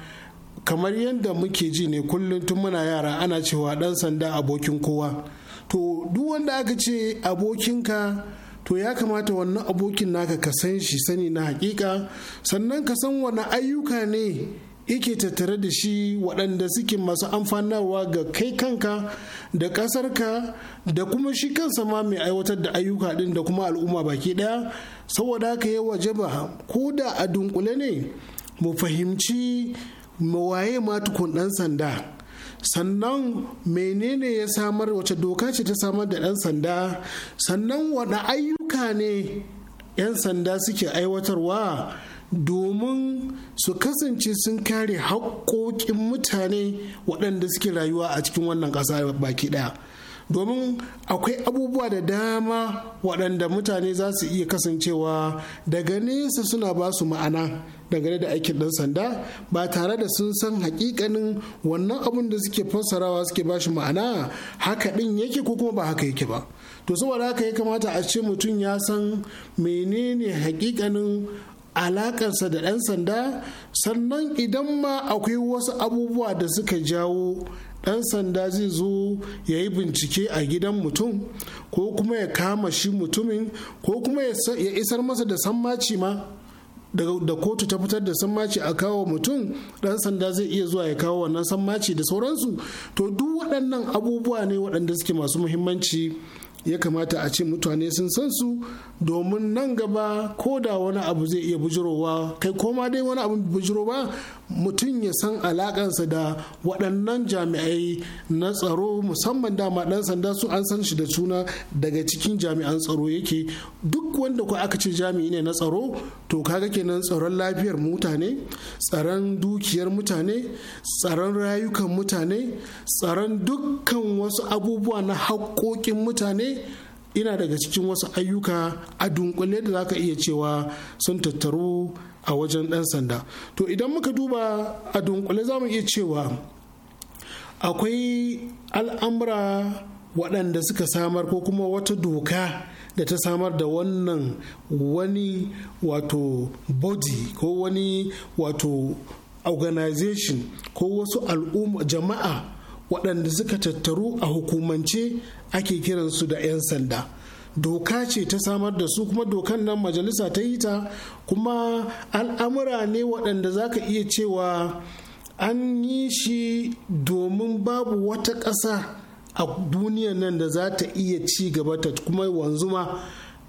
[SPEAKER 6] kamar yadda muke ji ne kullum tun muna yara ana cewa ɗan sanda abokin kowa to duk wanda aka ce abokinka to ya kamata wannan abokin naka ka san shi sani na hakika sannan ka san wani ayyuka ne yake tattare da shi waɗanda suke masu amfanawa ga kai kanka da ƙasarka da kuma shi kansa ma mai aiwatar da ayyuka ɗin da kuma al'umma baki ɗaya saboda haka ya waje ba ko da a dunkule ne mu fahimci mawaye ma tukun ɗan sanda sannan menene ya samar wace doka ce ta samar da ɗan sanda sannan wada ayyuka ne 'yan sanda suke aiwatarwa domin su kasance sun kare haƙoƙin mutane waɗanda suke rayuwa a cikin wannan ƙasa baki ɗaya domin akwai abubuwa da dama waɗanda mutane za su iya kasancewa daga nesa suna ba su ma'ana dangane da aikin ɗan sanda ba tare da sun san hakikanin wannan abun da suke fassarawa suke bashi ma'ana haka din yake ko kuma ba haka yake ba to saboda haka ya kamata a ce mutum ya san menene hakikanin alakarsa da ɗan sanda sannan idan ma akwai wasu abubuwa da suka jawo ɗan sanda zai zo ya yi bincike a gidan mutum ko kuma ya kama shi mutumin ko kuma ya isar masa da sammaci ma da kotu ta fitar da sammaci a kawo mutum dan sanda zai iya zuwa ya kawo wannan sammaci da sauransu to duk waɗannan abubuwa ne waɗanda suke masu muhimmanci ya kamata a ce mutane sun san su domin nan gaba ko da wani abu zai iya bujirowa kai koma dai wani abu bujiro ba mutum ya san alakansa da waɗannan jami'ai na tsaro musamman dama ɗan sanda su an san shi da suna daga cikin jami'an tsaro yake duk wanda ku aka ce jami'i ne na tsaro to kaga kenan tsaron lafiyar mutane tsaron dukiyar mutane tsaron rayukan mutane tsaron dukkan wasu abubuwa na haƙoƙin mutane ina daga cikin wasu ayyuka a dunkule da za ka iya cewa sun tattaru a wajen ɗan sanda to idan muka duba a dunkule za mu iya cewa akwai al'amura waɗanda suka samar ko kuma wata doka da ta samar da wannan wani wato body ko wani wato organization ko wasu al'umma jama'a waɗanda suka tattaru a hukumance ake kiransu da 'yan sanda doka ce ta samar da su kuma dokan nan majalisa ta yi ta kuma al'amura ne waɗanda za ka iya cewa an yi shi domin babu wata ƙasa a duniya nan da za ta iya ci gaba ta kuma wanzu ma.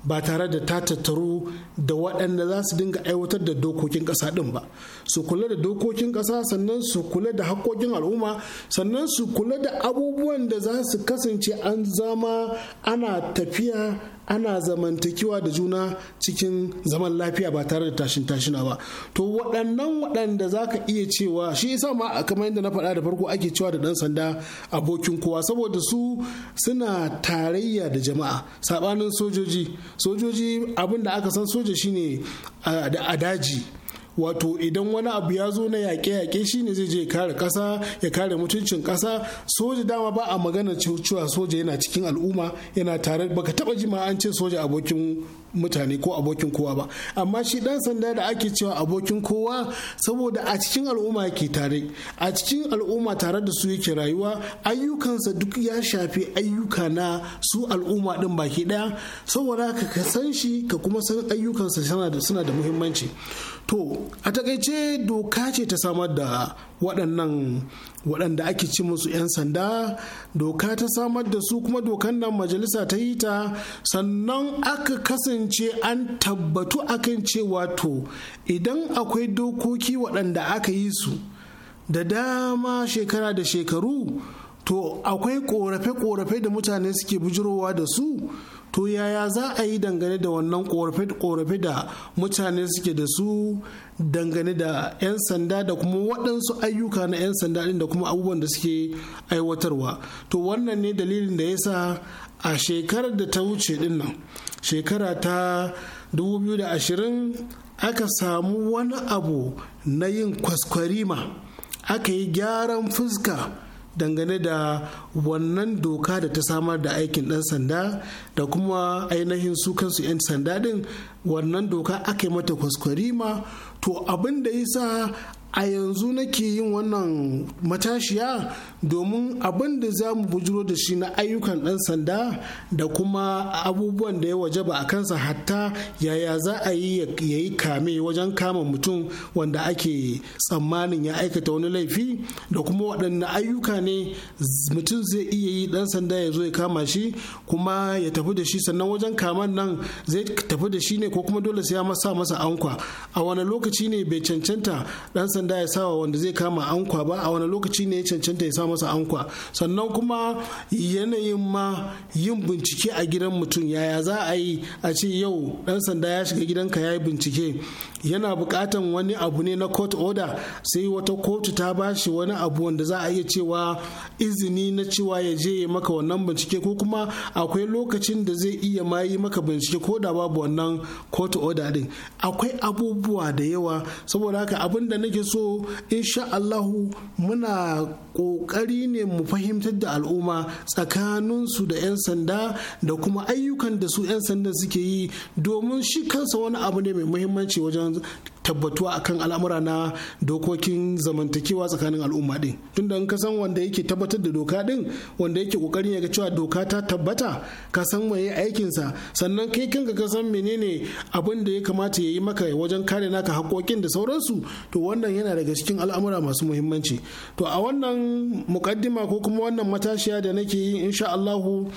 [SPEAKER 6] ba tare da ta tattaru da waɗanda za su dinga aiwatar da dokokin ƙasa ɗin ba su kula da dokokin ƙasa sannan su kula da haƙƙoƙin al'umma sannan su kula da abubuwan da za su kasance an zama ana tafiya ana zamantakewa da juna cikin zaman lafiya ba tare da tashin tashina ba to waɗannan waɗanda za ka iya cewa shi isa ma kamar yadda na faɗa da farko ake cewa da ɗan sanda abokin kowa saboda su suna tarayya da jama'a Sabanin sojoji sojoji abin da aka san soja shine a daji wato idan wani abu ya zo na yaƙe-yaƙe shi ne zai je kare ƙasa ya kare mutuncin ƙasa soja dama ba a magana cewa soja yana cikin al'umma yana tare baka taba jima an ce soja abokin mutane ko abokin kowa ba amma shi dan sanda da ake cewa abokin kowa saboda a cikin al'umma ke tare a cikin al'umma tare da su yake rayuwa ayyukansa duk ya shafi ayyuka na su al'umma din baki daya saboda haka ka san shi ka kuma san ayyukansa suna da muhimmanci to a takaice doka ce ta samar da waɗannan waɗanda ake ci musu 'yan sanda doka ta samar da su kuma dokan nan majalisa ta yi ta sannan aka kasance an tabbatu akan cewa to idan akwai dokoki waɗanda aka yi su da dama shekara da shekaru to akwai ƙorafe-ƙorafe da mutane suke bujirowa da su to yaya za a yi dangane da wannan korafe da mutane suke da su dangane da 'yan sanda da kuma waɗansu ayyuka na 'yan sanda ɗin da kuma abubuwan da suke aiwatarwa to wannan ne dalilin da ya sa a shekarar da ta wuce ɗin nan shekara ta 2020 aka samu wani abu na yin kwaskwarima aka yi gyaran fuska dangane da wannan doka da ta samar da aikin ɗan sanda da kuma ainihin su kansu 'yan sanda din, wannan doka aka yi mata kwaskwari ma. to abin da yasa a yanzu nake yin wannan matashiya domin abin da za mu bujiro da shi na ayyukan ɗan sanda da kuma abubuwan da ya waje ba a kansa hatta yaya za a yi ya yi kame wajen kama mutum wanda ake tsammanin ya aikata wani laifi da kuma waɗanne ayyuka ne mutum zai iya yi ɗan sanda ya zo ya kama shi kuma ya tafi da shi sannan wajen kaman nan zai tafi da shi ne ko kuma dole sai ya masa masa ankwa a wani lokaci ne bai cancanta ɗan sanda sanda ya sawa wanda zai kama ankwa ba a wani lokaci ne ya cancanta ya sa masa ankwa sannan kuma yanayin ma yin bincike a gidan mutum yaya za a yi a ce yau dan sanda ya shiga gidanka ya yi bincike yana bukatan wani abu ne na court order sai wata kotu ta bashi wani abu wanda za a iya cewa izini na cewa ya je ya maka wannan bincike ko kuma akwai lokacin da zai iya ma yi maka bincike ko da babu wannan court order din akwai abubuwa da yawa saboda haka abin da nake so insha Allahu muna ƙoƙari ne mu fahimtar da al'umma tsakaninsu da 'yan sanda da kuma ayyukan da su 'yan sanda suke yi domin shi kansa wani abu ne mai muhimmanci wajen tabbatuwa akan al'amura na dokokin zamantakewa tsakanin al'umma din tunda in ka san wanda yake tabbatar da doka din wanda yake kokarin ya ga cewa doka ta tabbata ka san aikin aikinsa sannan kai kanka ka san menene abin da ya kamata ya yi maka wajen kare naka haƙoƙin da sauransu to wannan yana daga cikin al'amura masu muhimmanci to a wannan mukaddima ko kuma wannan matashiya da nake yi insha Allahu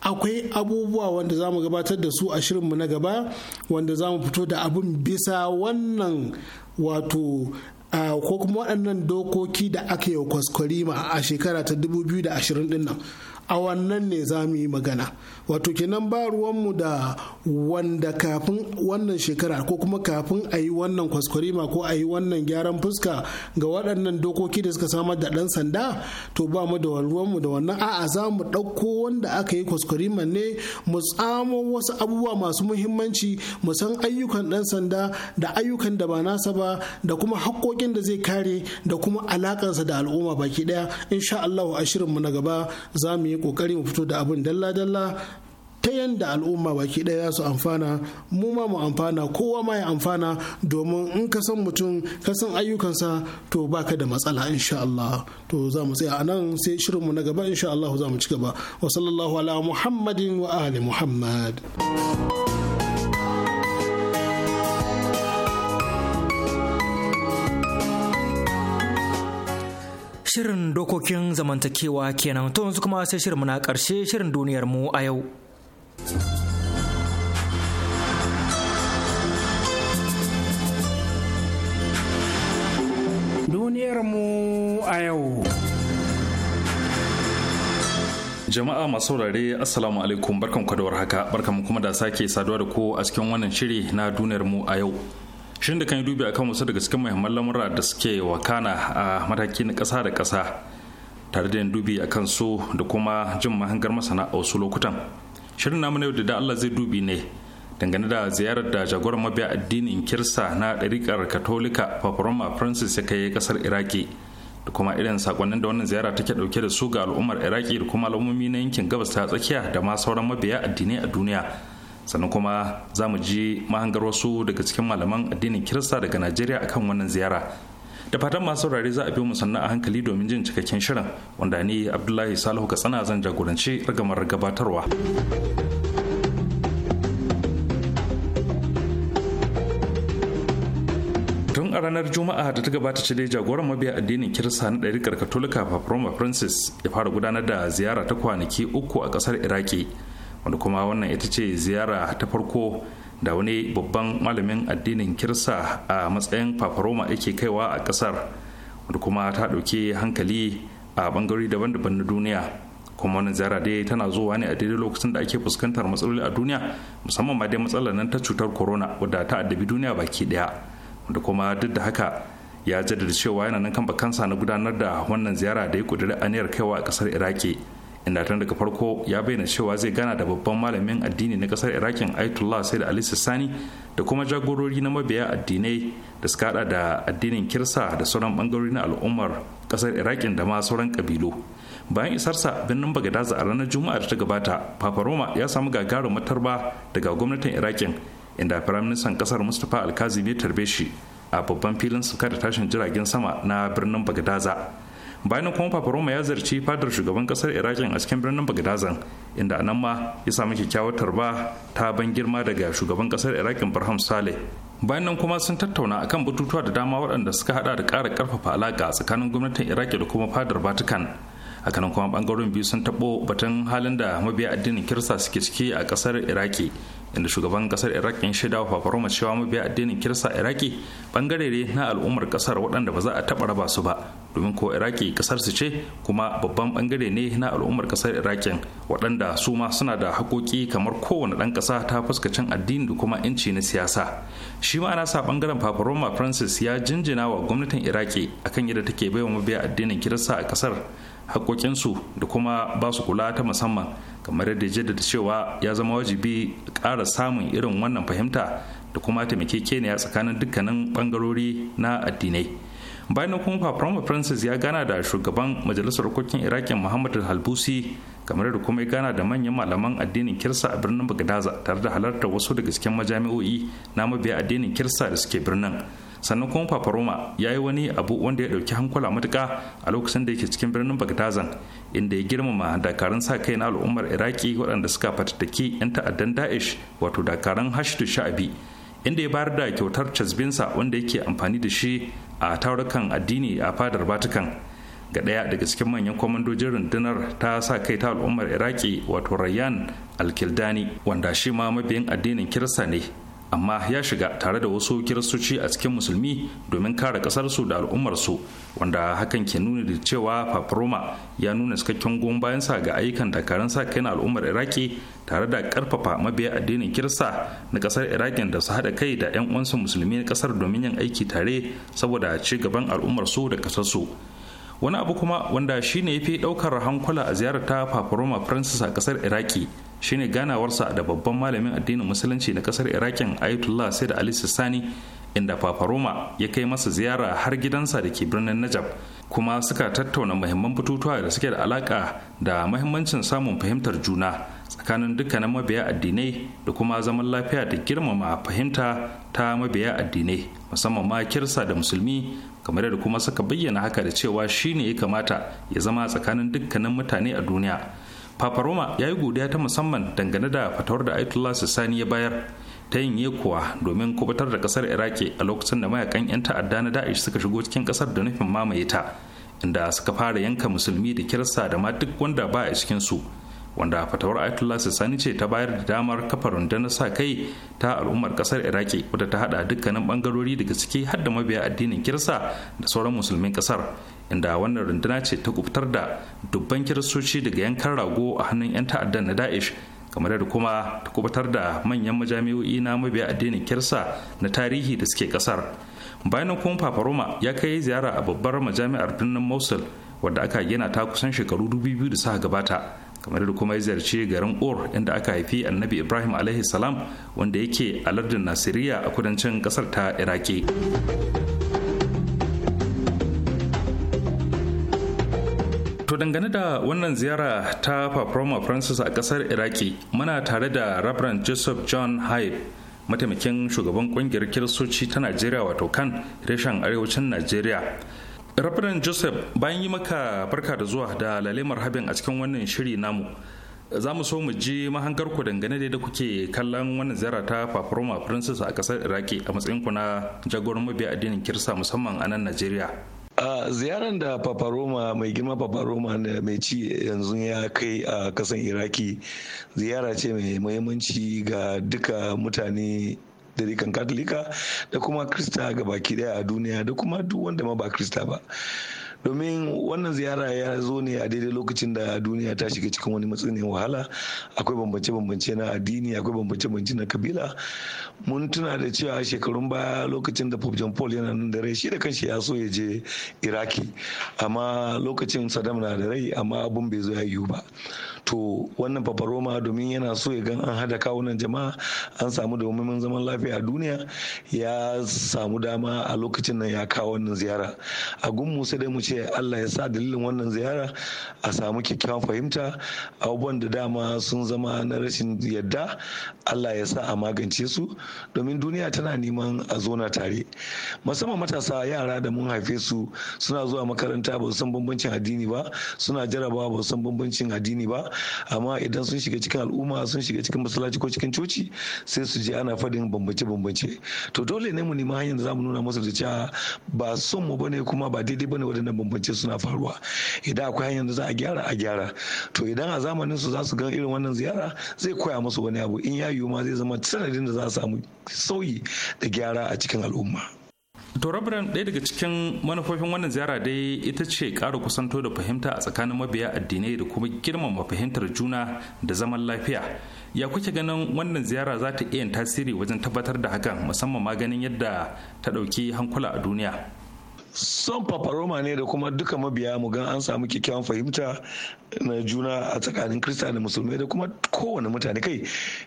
[SPEAKER 6] akwai abubuwa wanda za mu gabatar da su a mu na gaba wanda za mu fito da abin bisa wannan wato ko kuma waɗannan dokoki da aka yi kwaskwarima a shekara ta 2020 ashirin a wannan ne za mu yi magana wato kenan ba ruwanmu da wanda kafin wannan shekara ko kuma kafin a yi wannan kwaskwarima ko a yi wannan gyaran fuska ga waɗannan dokoki da suka samar da ɗan sanda to ba mu da ruwanmu da wannan a'a za mu ɗauko wanda aka yi kwaskwarima ne mu tsamo wasu abubuwa masu muhimmanci mu san ayyukan ɗan sanda da ayyukan da ba nasa ba da kuma haƙƙoƙin da zai kare da kuma alaƙarsa da al'umma baki ɗaya insha Allah a shirinmu na gaba za mu yi ƙoƙari mu fito da abin dalla-dalla ta yadda al'umma baki ɗaya su amfana mu ma mu amfana kowa ma ya amfana domin in ka san mutum ka san ayyukansa to baka da matsala insha Allah to za mu tsaya anan sai shirin mu na gaba insha Allah za mu ci gaba wa sallallahu ala muhammadin wa ali muhammad
[SPEAKER 1] Shirin dokokin zamantakewa kenan to yanzu kuma sai shirin na ƙarshe shirin duniyar mu a yau.
[SPEAKER 6] Duniyarmu a yau.
[SPEAKER 2] Jama'a masu saurare Assalamu alaikum barkan da warhaka barkan kuma da sake saduwa da ku a cikin wannan shiri na duniyarmu a yau. Shirin da kan yi dubi akan wasu daga cikin muhimman lamura da suke wakana a mataki na ƙasa da ƙasa tare da dubi akan su da kuma jin mahangar masana a wasu lokutan. shirin namu na yau da Allah zai dubi ne dangane da ziyarar da jagoran mabiya addinin kirsa na ɗariƙar katolika paparoma francis ya kai ƙasar iraki da kuma irin sakonnin da wannan ziyara take ɗauke da su ga al'ummar iraki da kuma al'ummomi na yankin gabas ta tsakiya da ma sauran mabiya addinai a duniya sannan kuma za mu ji mahangar wasu daga cikin malaman addinin kirista daga najeriya akan wannan ziyara da fatan masu saurare za a bi mu a hankali domin jin cikakken shirin wanda ni abdullahi salihu katsina zan jagoranci ragamar gabatarwa tun a ranar juma'a da ta gabata ce dai jagoran mabiya addinin kirista na ɗarikar katolika paproma francis ya fara gudanar da ziyara ta kwanaki uku a ƙasar iraki wanda kuma wannan ita ce ziyara ta farko da wani babban malamin addinin kirsa a matsayin fafaroma yake kaiwa a kasar wanda kuma ta ɗauki hankali a bangarori daban-daban na duniya kuma wani ziyara dai tana zuwa ne a daidai lokacin da ake fuskantar matsaloli a duniya musamman ma dai matsalar nan ta cutar corona wadda ta addabi duniya baki daya wanda kuma duk da haka ya jaddada cewa yana nan kan bakansa na gudanar da wannan ziyara da ya kudiri aniyar kaiwa a kasar iraki inda tun daga farko ya bayyana cewa zai gana da babban malamin addini na kasar irakin ayatollah sai da ali sani da kuma jagorori na mabiya addinai da suka hada da addinin kirsa da sauran bangarori na al'ummar kasar irakin da ma sauran kabilu bayan isarsa birnin bagadaza a ranar juma'a da ta gabata papa roma ya samu gagarin matarba daga gwamnatin irakin inda firaministan kasar mustapha alkazi ya tarbe shi a babban filin suka da tashin jiragen sama na birnin bagadaza bayan kuma paparoma ya zarci fadar shugaban kasar iraqin a cikin birnin bagdazan inda nan ma ya samu kyakkyawar tarba ta ban girma daga shugaban kasar iraqin barham saleh bayan nan kuma sun tattauna akan batutuwa da dama waɗanda suka haɗa da ƙara ƙarfafa alaƙa tsakanin gwamnatin iraki da kuma fadar vatican hakanan kuma bangaren biyu sun tabo batun halin da mabiya addinin kirista suke ciki a kasar iraki inda shugaban kasar iraq in shaida wa fafaroma cewa mabiya addinin kirista iraki bangare ne na al'ummar kasar waɗanda ba za a taɓa raba su ba domin ko iraki kasar su ce kuma babban bangare ne na al'ummar kasar iraki waɗanda su ma suna da hakoki kamar kowane ɗan ƙasa ta cin addini da kuma inci na siyasa shi ma ana sa bangaren fafaroma francis ya jinjina wa gwamnatin iraki akan yadda take baiwa mabiya addinin kirista a kasar haƙoƙinsu da kuma ba su kula ta musamman kamar yadda jaddada cewa ya zama wajibi kara samun irin wannan fahimta da kuma taimakekeniya tsakanin dukkanin ɓangarori na addinai bayan kuma papa francis ya gana da shugaban majalisar harkokin irakin muhammad halbusi kamar da kuma ya gana da manyan malaman addinin kirsa a birnin bagdaza tare da halartar wasu daga cikin majami'o'i na mabiya addinin kirsa da suke birnin sannan kuma roma ya yi wani abu wanda ya dauki hankula matuka a lokacin da yake cikin birnin bagdazan inda ya girmama dakarun sa kai na al'ummar iraki waɗanda suka fatattaki 'yan ta'addan daesh wato dakarun hashtu sha'abi inda ya bayar da kyautar cazbinsa wanda yake amfani da shi a taurukan addini a fadar batukan ga ɗaya daga cikin manyan kwamandojin rundunar ta sa kai ta al'ummar iraki wato rayyan alkildani wanda shi ma mabiyin addinin kirista ne amma ya shiga tare da wasu kiristoci a cikin musulmi domin kare kasarsu da al'ummarsu wanda hakan ke nuna da cewa paproma ya nuna cikakken goyon sa ga ayyukan dakarun sa kai na al'ummar iraki tare da karfafa mabiya addinin kirista na kasar iraki da su haɗa kai da 'yan uwansu musulmi na kasar domin yin aiki tare saboda ci gaban al'ummarsu da kasarsu wani abu kuma wanda shine ya fi daukar hankula a ziyarar ta fafaroma francis a kasar iraki shine ganawarsa da babban malamin addinin musulunci na kasar irakin ayatollah said ali sani inda fafaroma ya kai masa ziyara har gidansa da ke birnin najab kuma suka tattauna muhimman bututuwa da suke da alaka da mahimmancin samun fahimtar juna tsakanin dukkanin mabiya addinai da kuma zaman lafiya da girmama fahimta ta mabiya addinai musamman ma kirsa da musulmi kamar yadda kuma suka bayyana haka da cewa shine ya kamata ya zama tsakanin dukkanin mutane a duniya papa roma ya yi godiya ta musamman dangane da fatawar da aitullah sani ya bayar ta yin yekuwa domin kubutar da kasar iraki a lokacin da mayakan 'yan ta'adda na da'ish suka shigo cikin kasar da nufin mamaye ta inda suka fara yanka musulmi da kirista da ma duk wanda ba a cikin su wanda fatawar ayatollah sani ce ta bayar da damar kafa rundunar sa kai ta al'ummar kasar iraki wadda ta hada dukkanin bangarori daga ciki har da mabiya addinin kirsa da sauran musulmin kasar inda wannan runduna ce ta kubutar da dubban kiristoci daga yankan rago a hannun 'yan ta'addan na Da'ish, kamar da kuma ta kubutar da manyan majami'o'i na mabiya addinin kirsa na tarihi da suke kasar bayan kuma fafaroma ya kai ziyara a babbar majami'ar birnin mosul wadda aka gina ta kusan shekaru dubu biyu da suka gabata kamar da kuma ya ziyarci garin ur inda aka haifi annabi ibrahim alaihi salam wanda yake a lardin nasiriya a kudancin kasar ta iraki to dangane da wannan ziyara ta paproma francis a kasar iraki muna tare da reverend joseph john hyde mataimakin shugaban kungiyar kiristoci ta najeriya wato kan reshen arewacin najeriya Rafinan Joseph bayan yi maka farka da zuwa da lalemar habin a cikin wannan shiri namu. Za mu so mu ji mahangar ku dangane da kuke kallon wannan ziyara ta Paparoma Princess a ƙasar Iraki a matsayin ku na jagoran mabiya addinin kirsa musamman a nan Najeriya.
[SPEAKER 5] Uh, ziyarar da paparoma mai girma paparoma da mai ci yanzu ya kai a uh, kasan iraki ziyara ce mai muhimmanci ga duka mutane dariƙan katolika da kuma krista ga baki daya a duniya da kuma duk wanda ma ba krista ba domin wannan ziyara ya zo ne a daidai lokacin da duniya ta shiga cikin wani matsayin wahala akwai bambance-bambance na addini akwai bambance-bambance na kabila mun tuna da cewa shekarun baya lokacin da pope john paul yana nan da rai shi da kanshi ya so ya je iraki amma lokacin saddam na da rai amma abun bai zo ya yiwu ba to wannan fafaroma domin yana so ya gan an hada kawunan jama'a an samu domin zaman lafiya a duniya ya samu dama a lokacin nan ya kawo wannan ziyara a gunmu sai dai mu ce allah ya sa dalilin wannan ziyara a samu kyakkyawan fahimta abubuwan da dama sun zama na rashin yadda allah ya sa a magance su domin duniya tana neman a zona tare musamman matasa yara da mun haife su suna zuwa makaranta ba su san bambancin addini ba suna jarabawa ba su san bambancin addini ba amma idan sun shiga cikin al'umma sun shiga cikin masallaci ko cikin coci sai su je ana faɗin bambance-bambance to dole ne mu nemi hanyar da zamu nuna masa da cewa ba son mu bane kuma ba daidai bane waɗannan bambance suna faruwa idan akwai hanyar da za a gyara a gyara to idan a zamanin su za su ga irin wannan ziyara zai koya musu wani abu in ya yiwu ma zai zama sanadin da za a samu sauyi da gyara a cikin al'umma.
[SPEAKER 2] to ɗaya daga cikin manufofin wannan ziyara dai ita ce ƙara kusanto da fahimta a tsakanin mabiya addinai da kuma girmama fahimtar juna da zaman lafiya ya kuke ganin wannan ziyara za ta iya tasiri wajen tabbatar da hakan musamman maganin yadda ta ɗauki hankula a duniya
[SPEAKER 5] son fafaroma ne da kuma duka mabiya mu gan an samu kyakkyawan fahimta na juna a tsakanin kirista da musulmai da kuma kowane mutane kai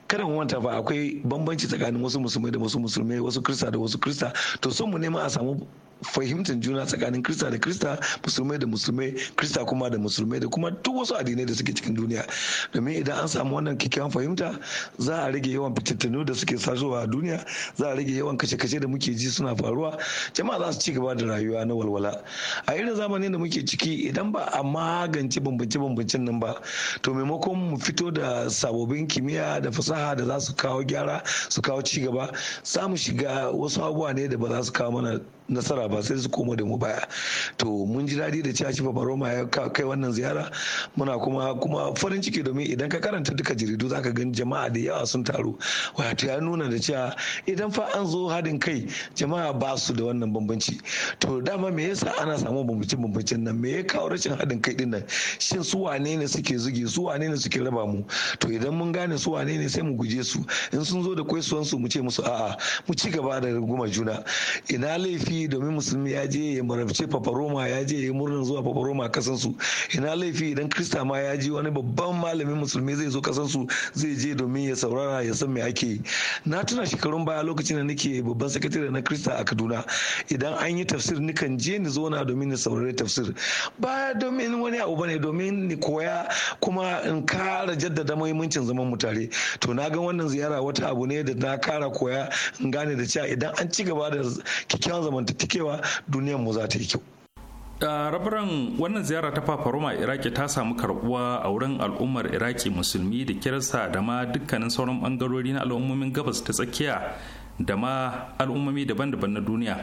[SPEAKER 5] kada mu manta fa akwai bambanci tsakanin wasu musulmai da wasu musulmai wasu kirista da wasu kirista to son mu nema a samu fahimtar juna tsakanin krista da krista musulmai da musulmai krista kuma da musulmai da kuma duk wasu addinai da suke cikin duniya domin idan an samu wannan kyakkyawan fahimta za a rage yawan fitattunu da suke sasowa a duniya za a rage yawan kashe-kashe da muke ji suna faruwa jama'a za su ci gaba da rayuwa na walwala a irin zamanin da muke ciki idan ba a magance bambance-bambancen nan ba to maimakon mu fito da sababbin kimiyya da fasaha da za su kawo gyara su kawo ci gaba za mu shiga wasu abubuwa ne da ba za su kawo mana nasara ba sai su koma da mu baya to mun ji daɗi da cewa shi roma ya kai wannan ziyara muna kuma kuma farin ciki domin idan ka karanta duka jaridu zaka gan jama'a da yawa sun taru wato ya nuna da cewa idan fa an zo haɗin kai jama'a ba su da wannan bambanci to dama me yasa ana samu bambancin bambancin nan me ya kawo rashin haɗin kai din nan shin su wane ne suke zuge su wane ne suke raba mu to idan mun gane su wane ne sai mu guje su in sun zo da kwaisuwansu mu ce musu a'a mu ci gaba da guma juna ina laifi laifi domin musulmi ya je ya marabce fafaroma ya je ya murnar zuwa fafaroma kasansu ina laifi idan krista ma ya je wani babban malamin musulmi zai zo kasansu zai je domin ya saurara ya san me ake yi na tuna shekarun baya lokacin da nake babban sakatare na krista a kaduna idan an yi tafsir nikan je ni na domin ni saurari tafsir baya domin wani abu bane domin ni koya kuma in kara jaddada muhimmancin zaman mu to na ga wannan ziyara wata abu ne da na kara koya in gane da cewa idan an ci gaba da kyakkyawan zaman zamantakewa duniyar mu za ta yi kyau
[SPEAKER 2] rabaran wannan ziyara ta fafaroma iraki ta samu karbuwa a wurin al'ummar iraki musulmi da kirista da ma dukkanin sauran bangarori na al'ummomin gabas ta tsakiya da ma al'ummomi daban-daban na duniya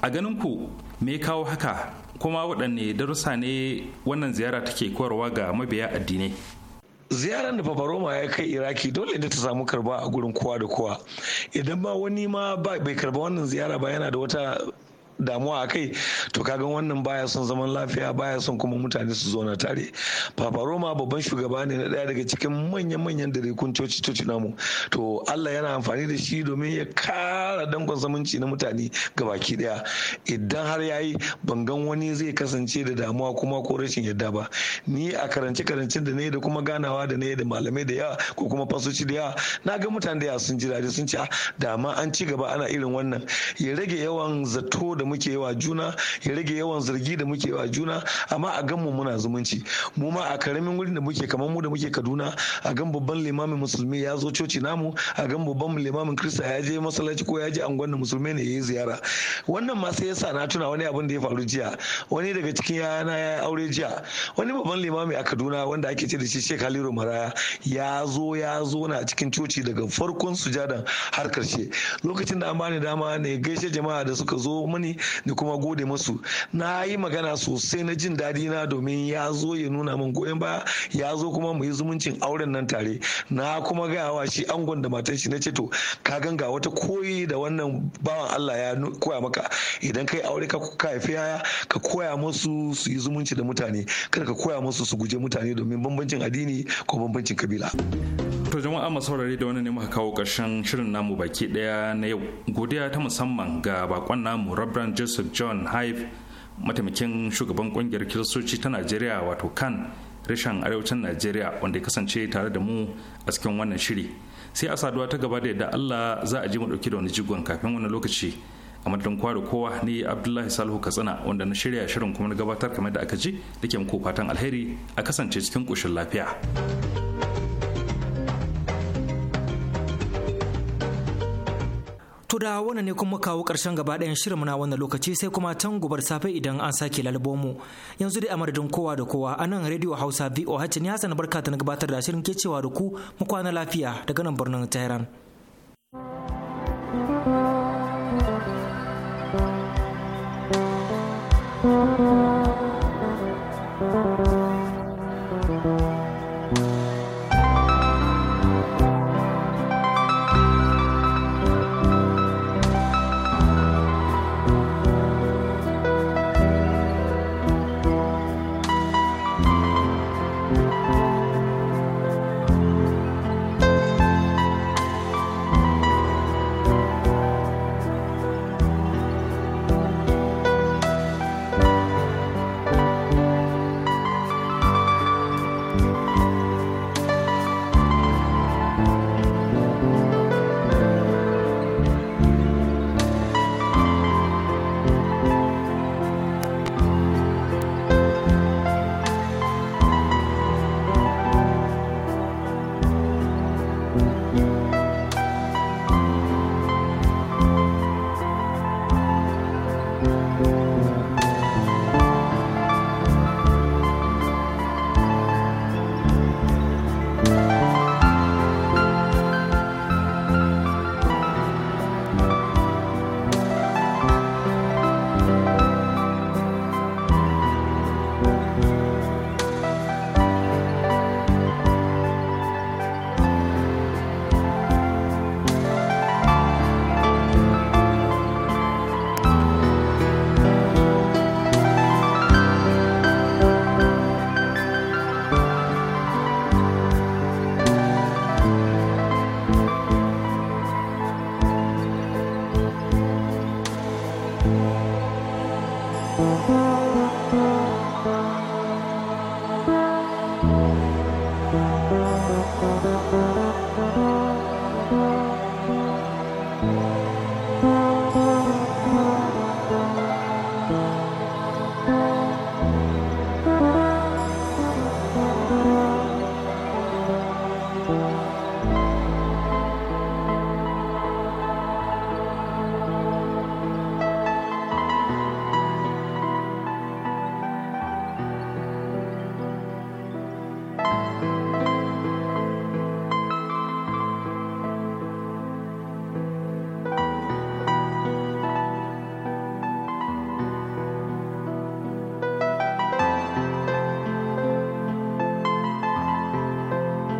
[SPEAKER 2] a ganin ku me kawo haka kuma waɗanne darussa ne wannan ziyara take koyarwa ga mabiya addinai
[SPEAKER 5] ziyarar da roma ya kai Iraki dole ne ta samu karba a gurin kowa da kowa. Idan ma wani ma bai karba wannan ziyara ba yana da wata damuwa a kai to kagan wannan baya son zaman lafiya baya son kuma mutane su zauna tare papa roma babban shugaba ne na daya daga cikin manyan-manyan darekun coci coci namu to allah yana amfani da shi domin ya kara dankon zamanci na mutane ga baki daya idan har yayi ban gan wani zai kasance da damuwa kuma ko rashin yadda ba ni a karance karance da ne da kuma ganawa da ne da malamai da yawa ko kuma fasoci da yawa na ga mutane da yawa sun ji daji sun ce ah, dama an ci gaba ana irin wannan ya rage yawan zato da da muke yi wa juna ya rage yawan zargi da muke yi wa juna amma a ganmu muna zumunci mu ma a karamin wurin da muke kamar mu da muke Kaduna a gan babban limamin musulmi ya zo coci namu a gan babban limamin Kirista ya je masallaci ko ya je angon da musulmi ne ya yi ziyara wannan ma sai yasa na tuna wani abin da ya faru jiya wani daga cikin yana ya aure jiya wani babban limami a Kaduna wanda ake ce da shi shek Haliru Maraya ya zo ya zo na cikin coci daga farkon sujadan har karshe lokacin da an bani dama ne gaishe jama'a da suka zo mani da kuma gode masu na yi magana sosai na jin daɗi na domin ya zo ya nuna min goyon baya ya zo kuma mu yi zumuncin auren nan tare na kuma gayawa shi angon da matan shi na ce to ka ganga wata koyi da wannan bawan Allah ya koya maka idan kai aure ka haifi yaya ka koya musu su yi zumunci da mutane kada ka koya musu su guje mutane domin bambancin addini ko bambancin kabila.
[SPEAKER 2] to jama'a masu saurare da wannan ne muka kawo ƙarshen shirin namu baki daya na yau godiya ta musamman ga bakon namu rabran joseph john hive mataimakin shugaban kungiyar kiristoci ta najeriya wato kan rashin arewacin najeriya wanda ya kasance tare da mu a cikin wannan shiri sai a saduwa ta gaba da yadda allah za a ji mu dauki da wani jigon kafin wani lokaci a madadin kwa da kowa ni abdullahi salihu katsina wanda na shirya shirin kuma na gabatar kamar da aka ji da ke muku fatan alheri a kasance cikin koshin lafiya.
[SPEAKER 1] To da wannan ne kuma kawo ƙarshen gaba ɗayan shirin na wannan lokaci sai kuma can gobar safe idan an sake lalubo mu. Yanzu dai a madadin kowa da kowa a nan Radio Hausa VOH ne Hassan barka ta gabatar da shirin ke cewa da ku mu kwana lafiya daga nan birnin Tehran.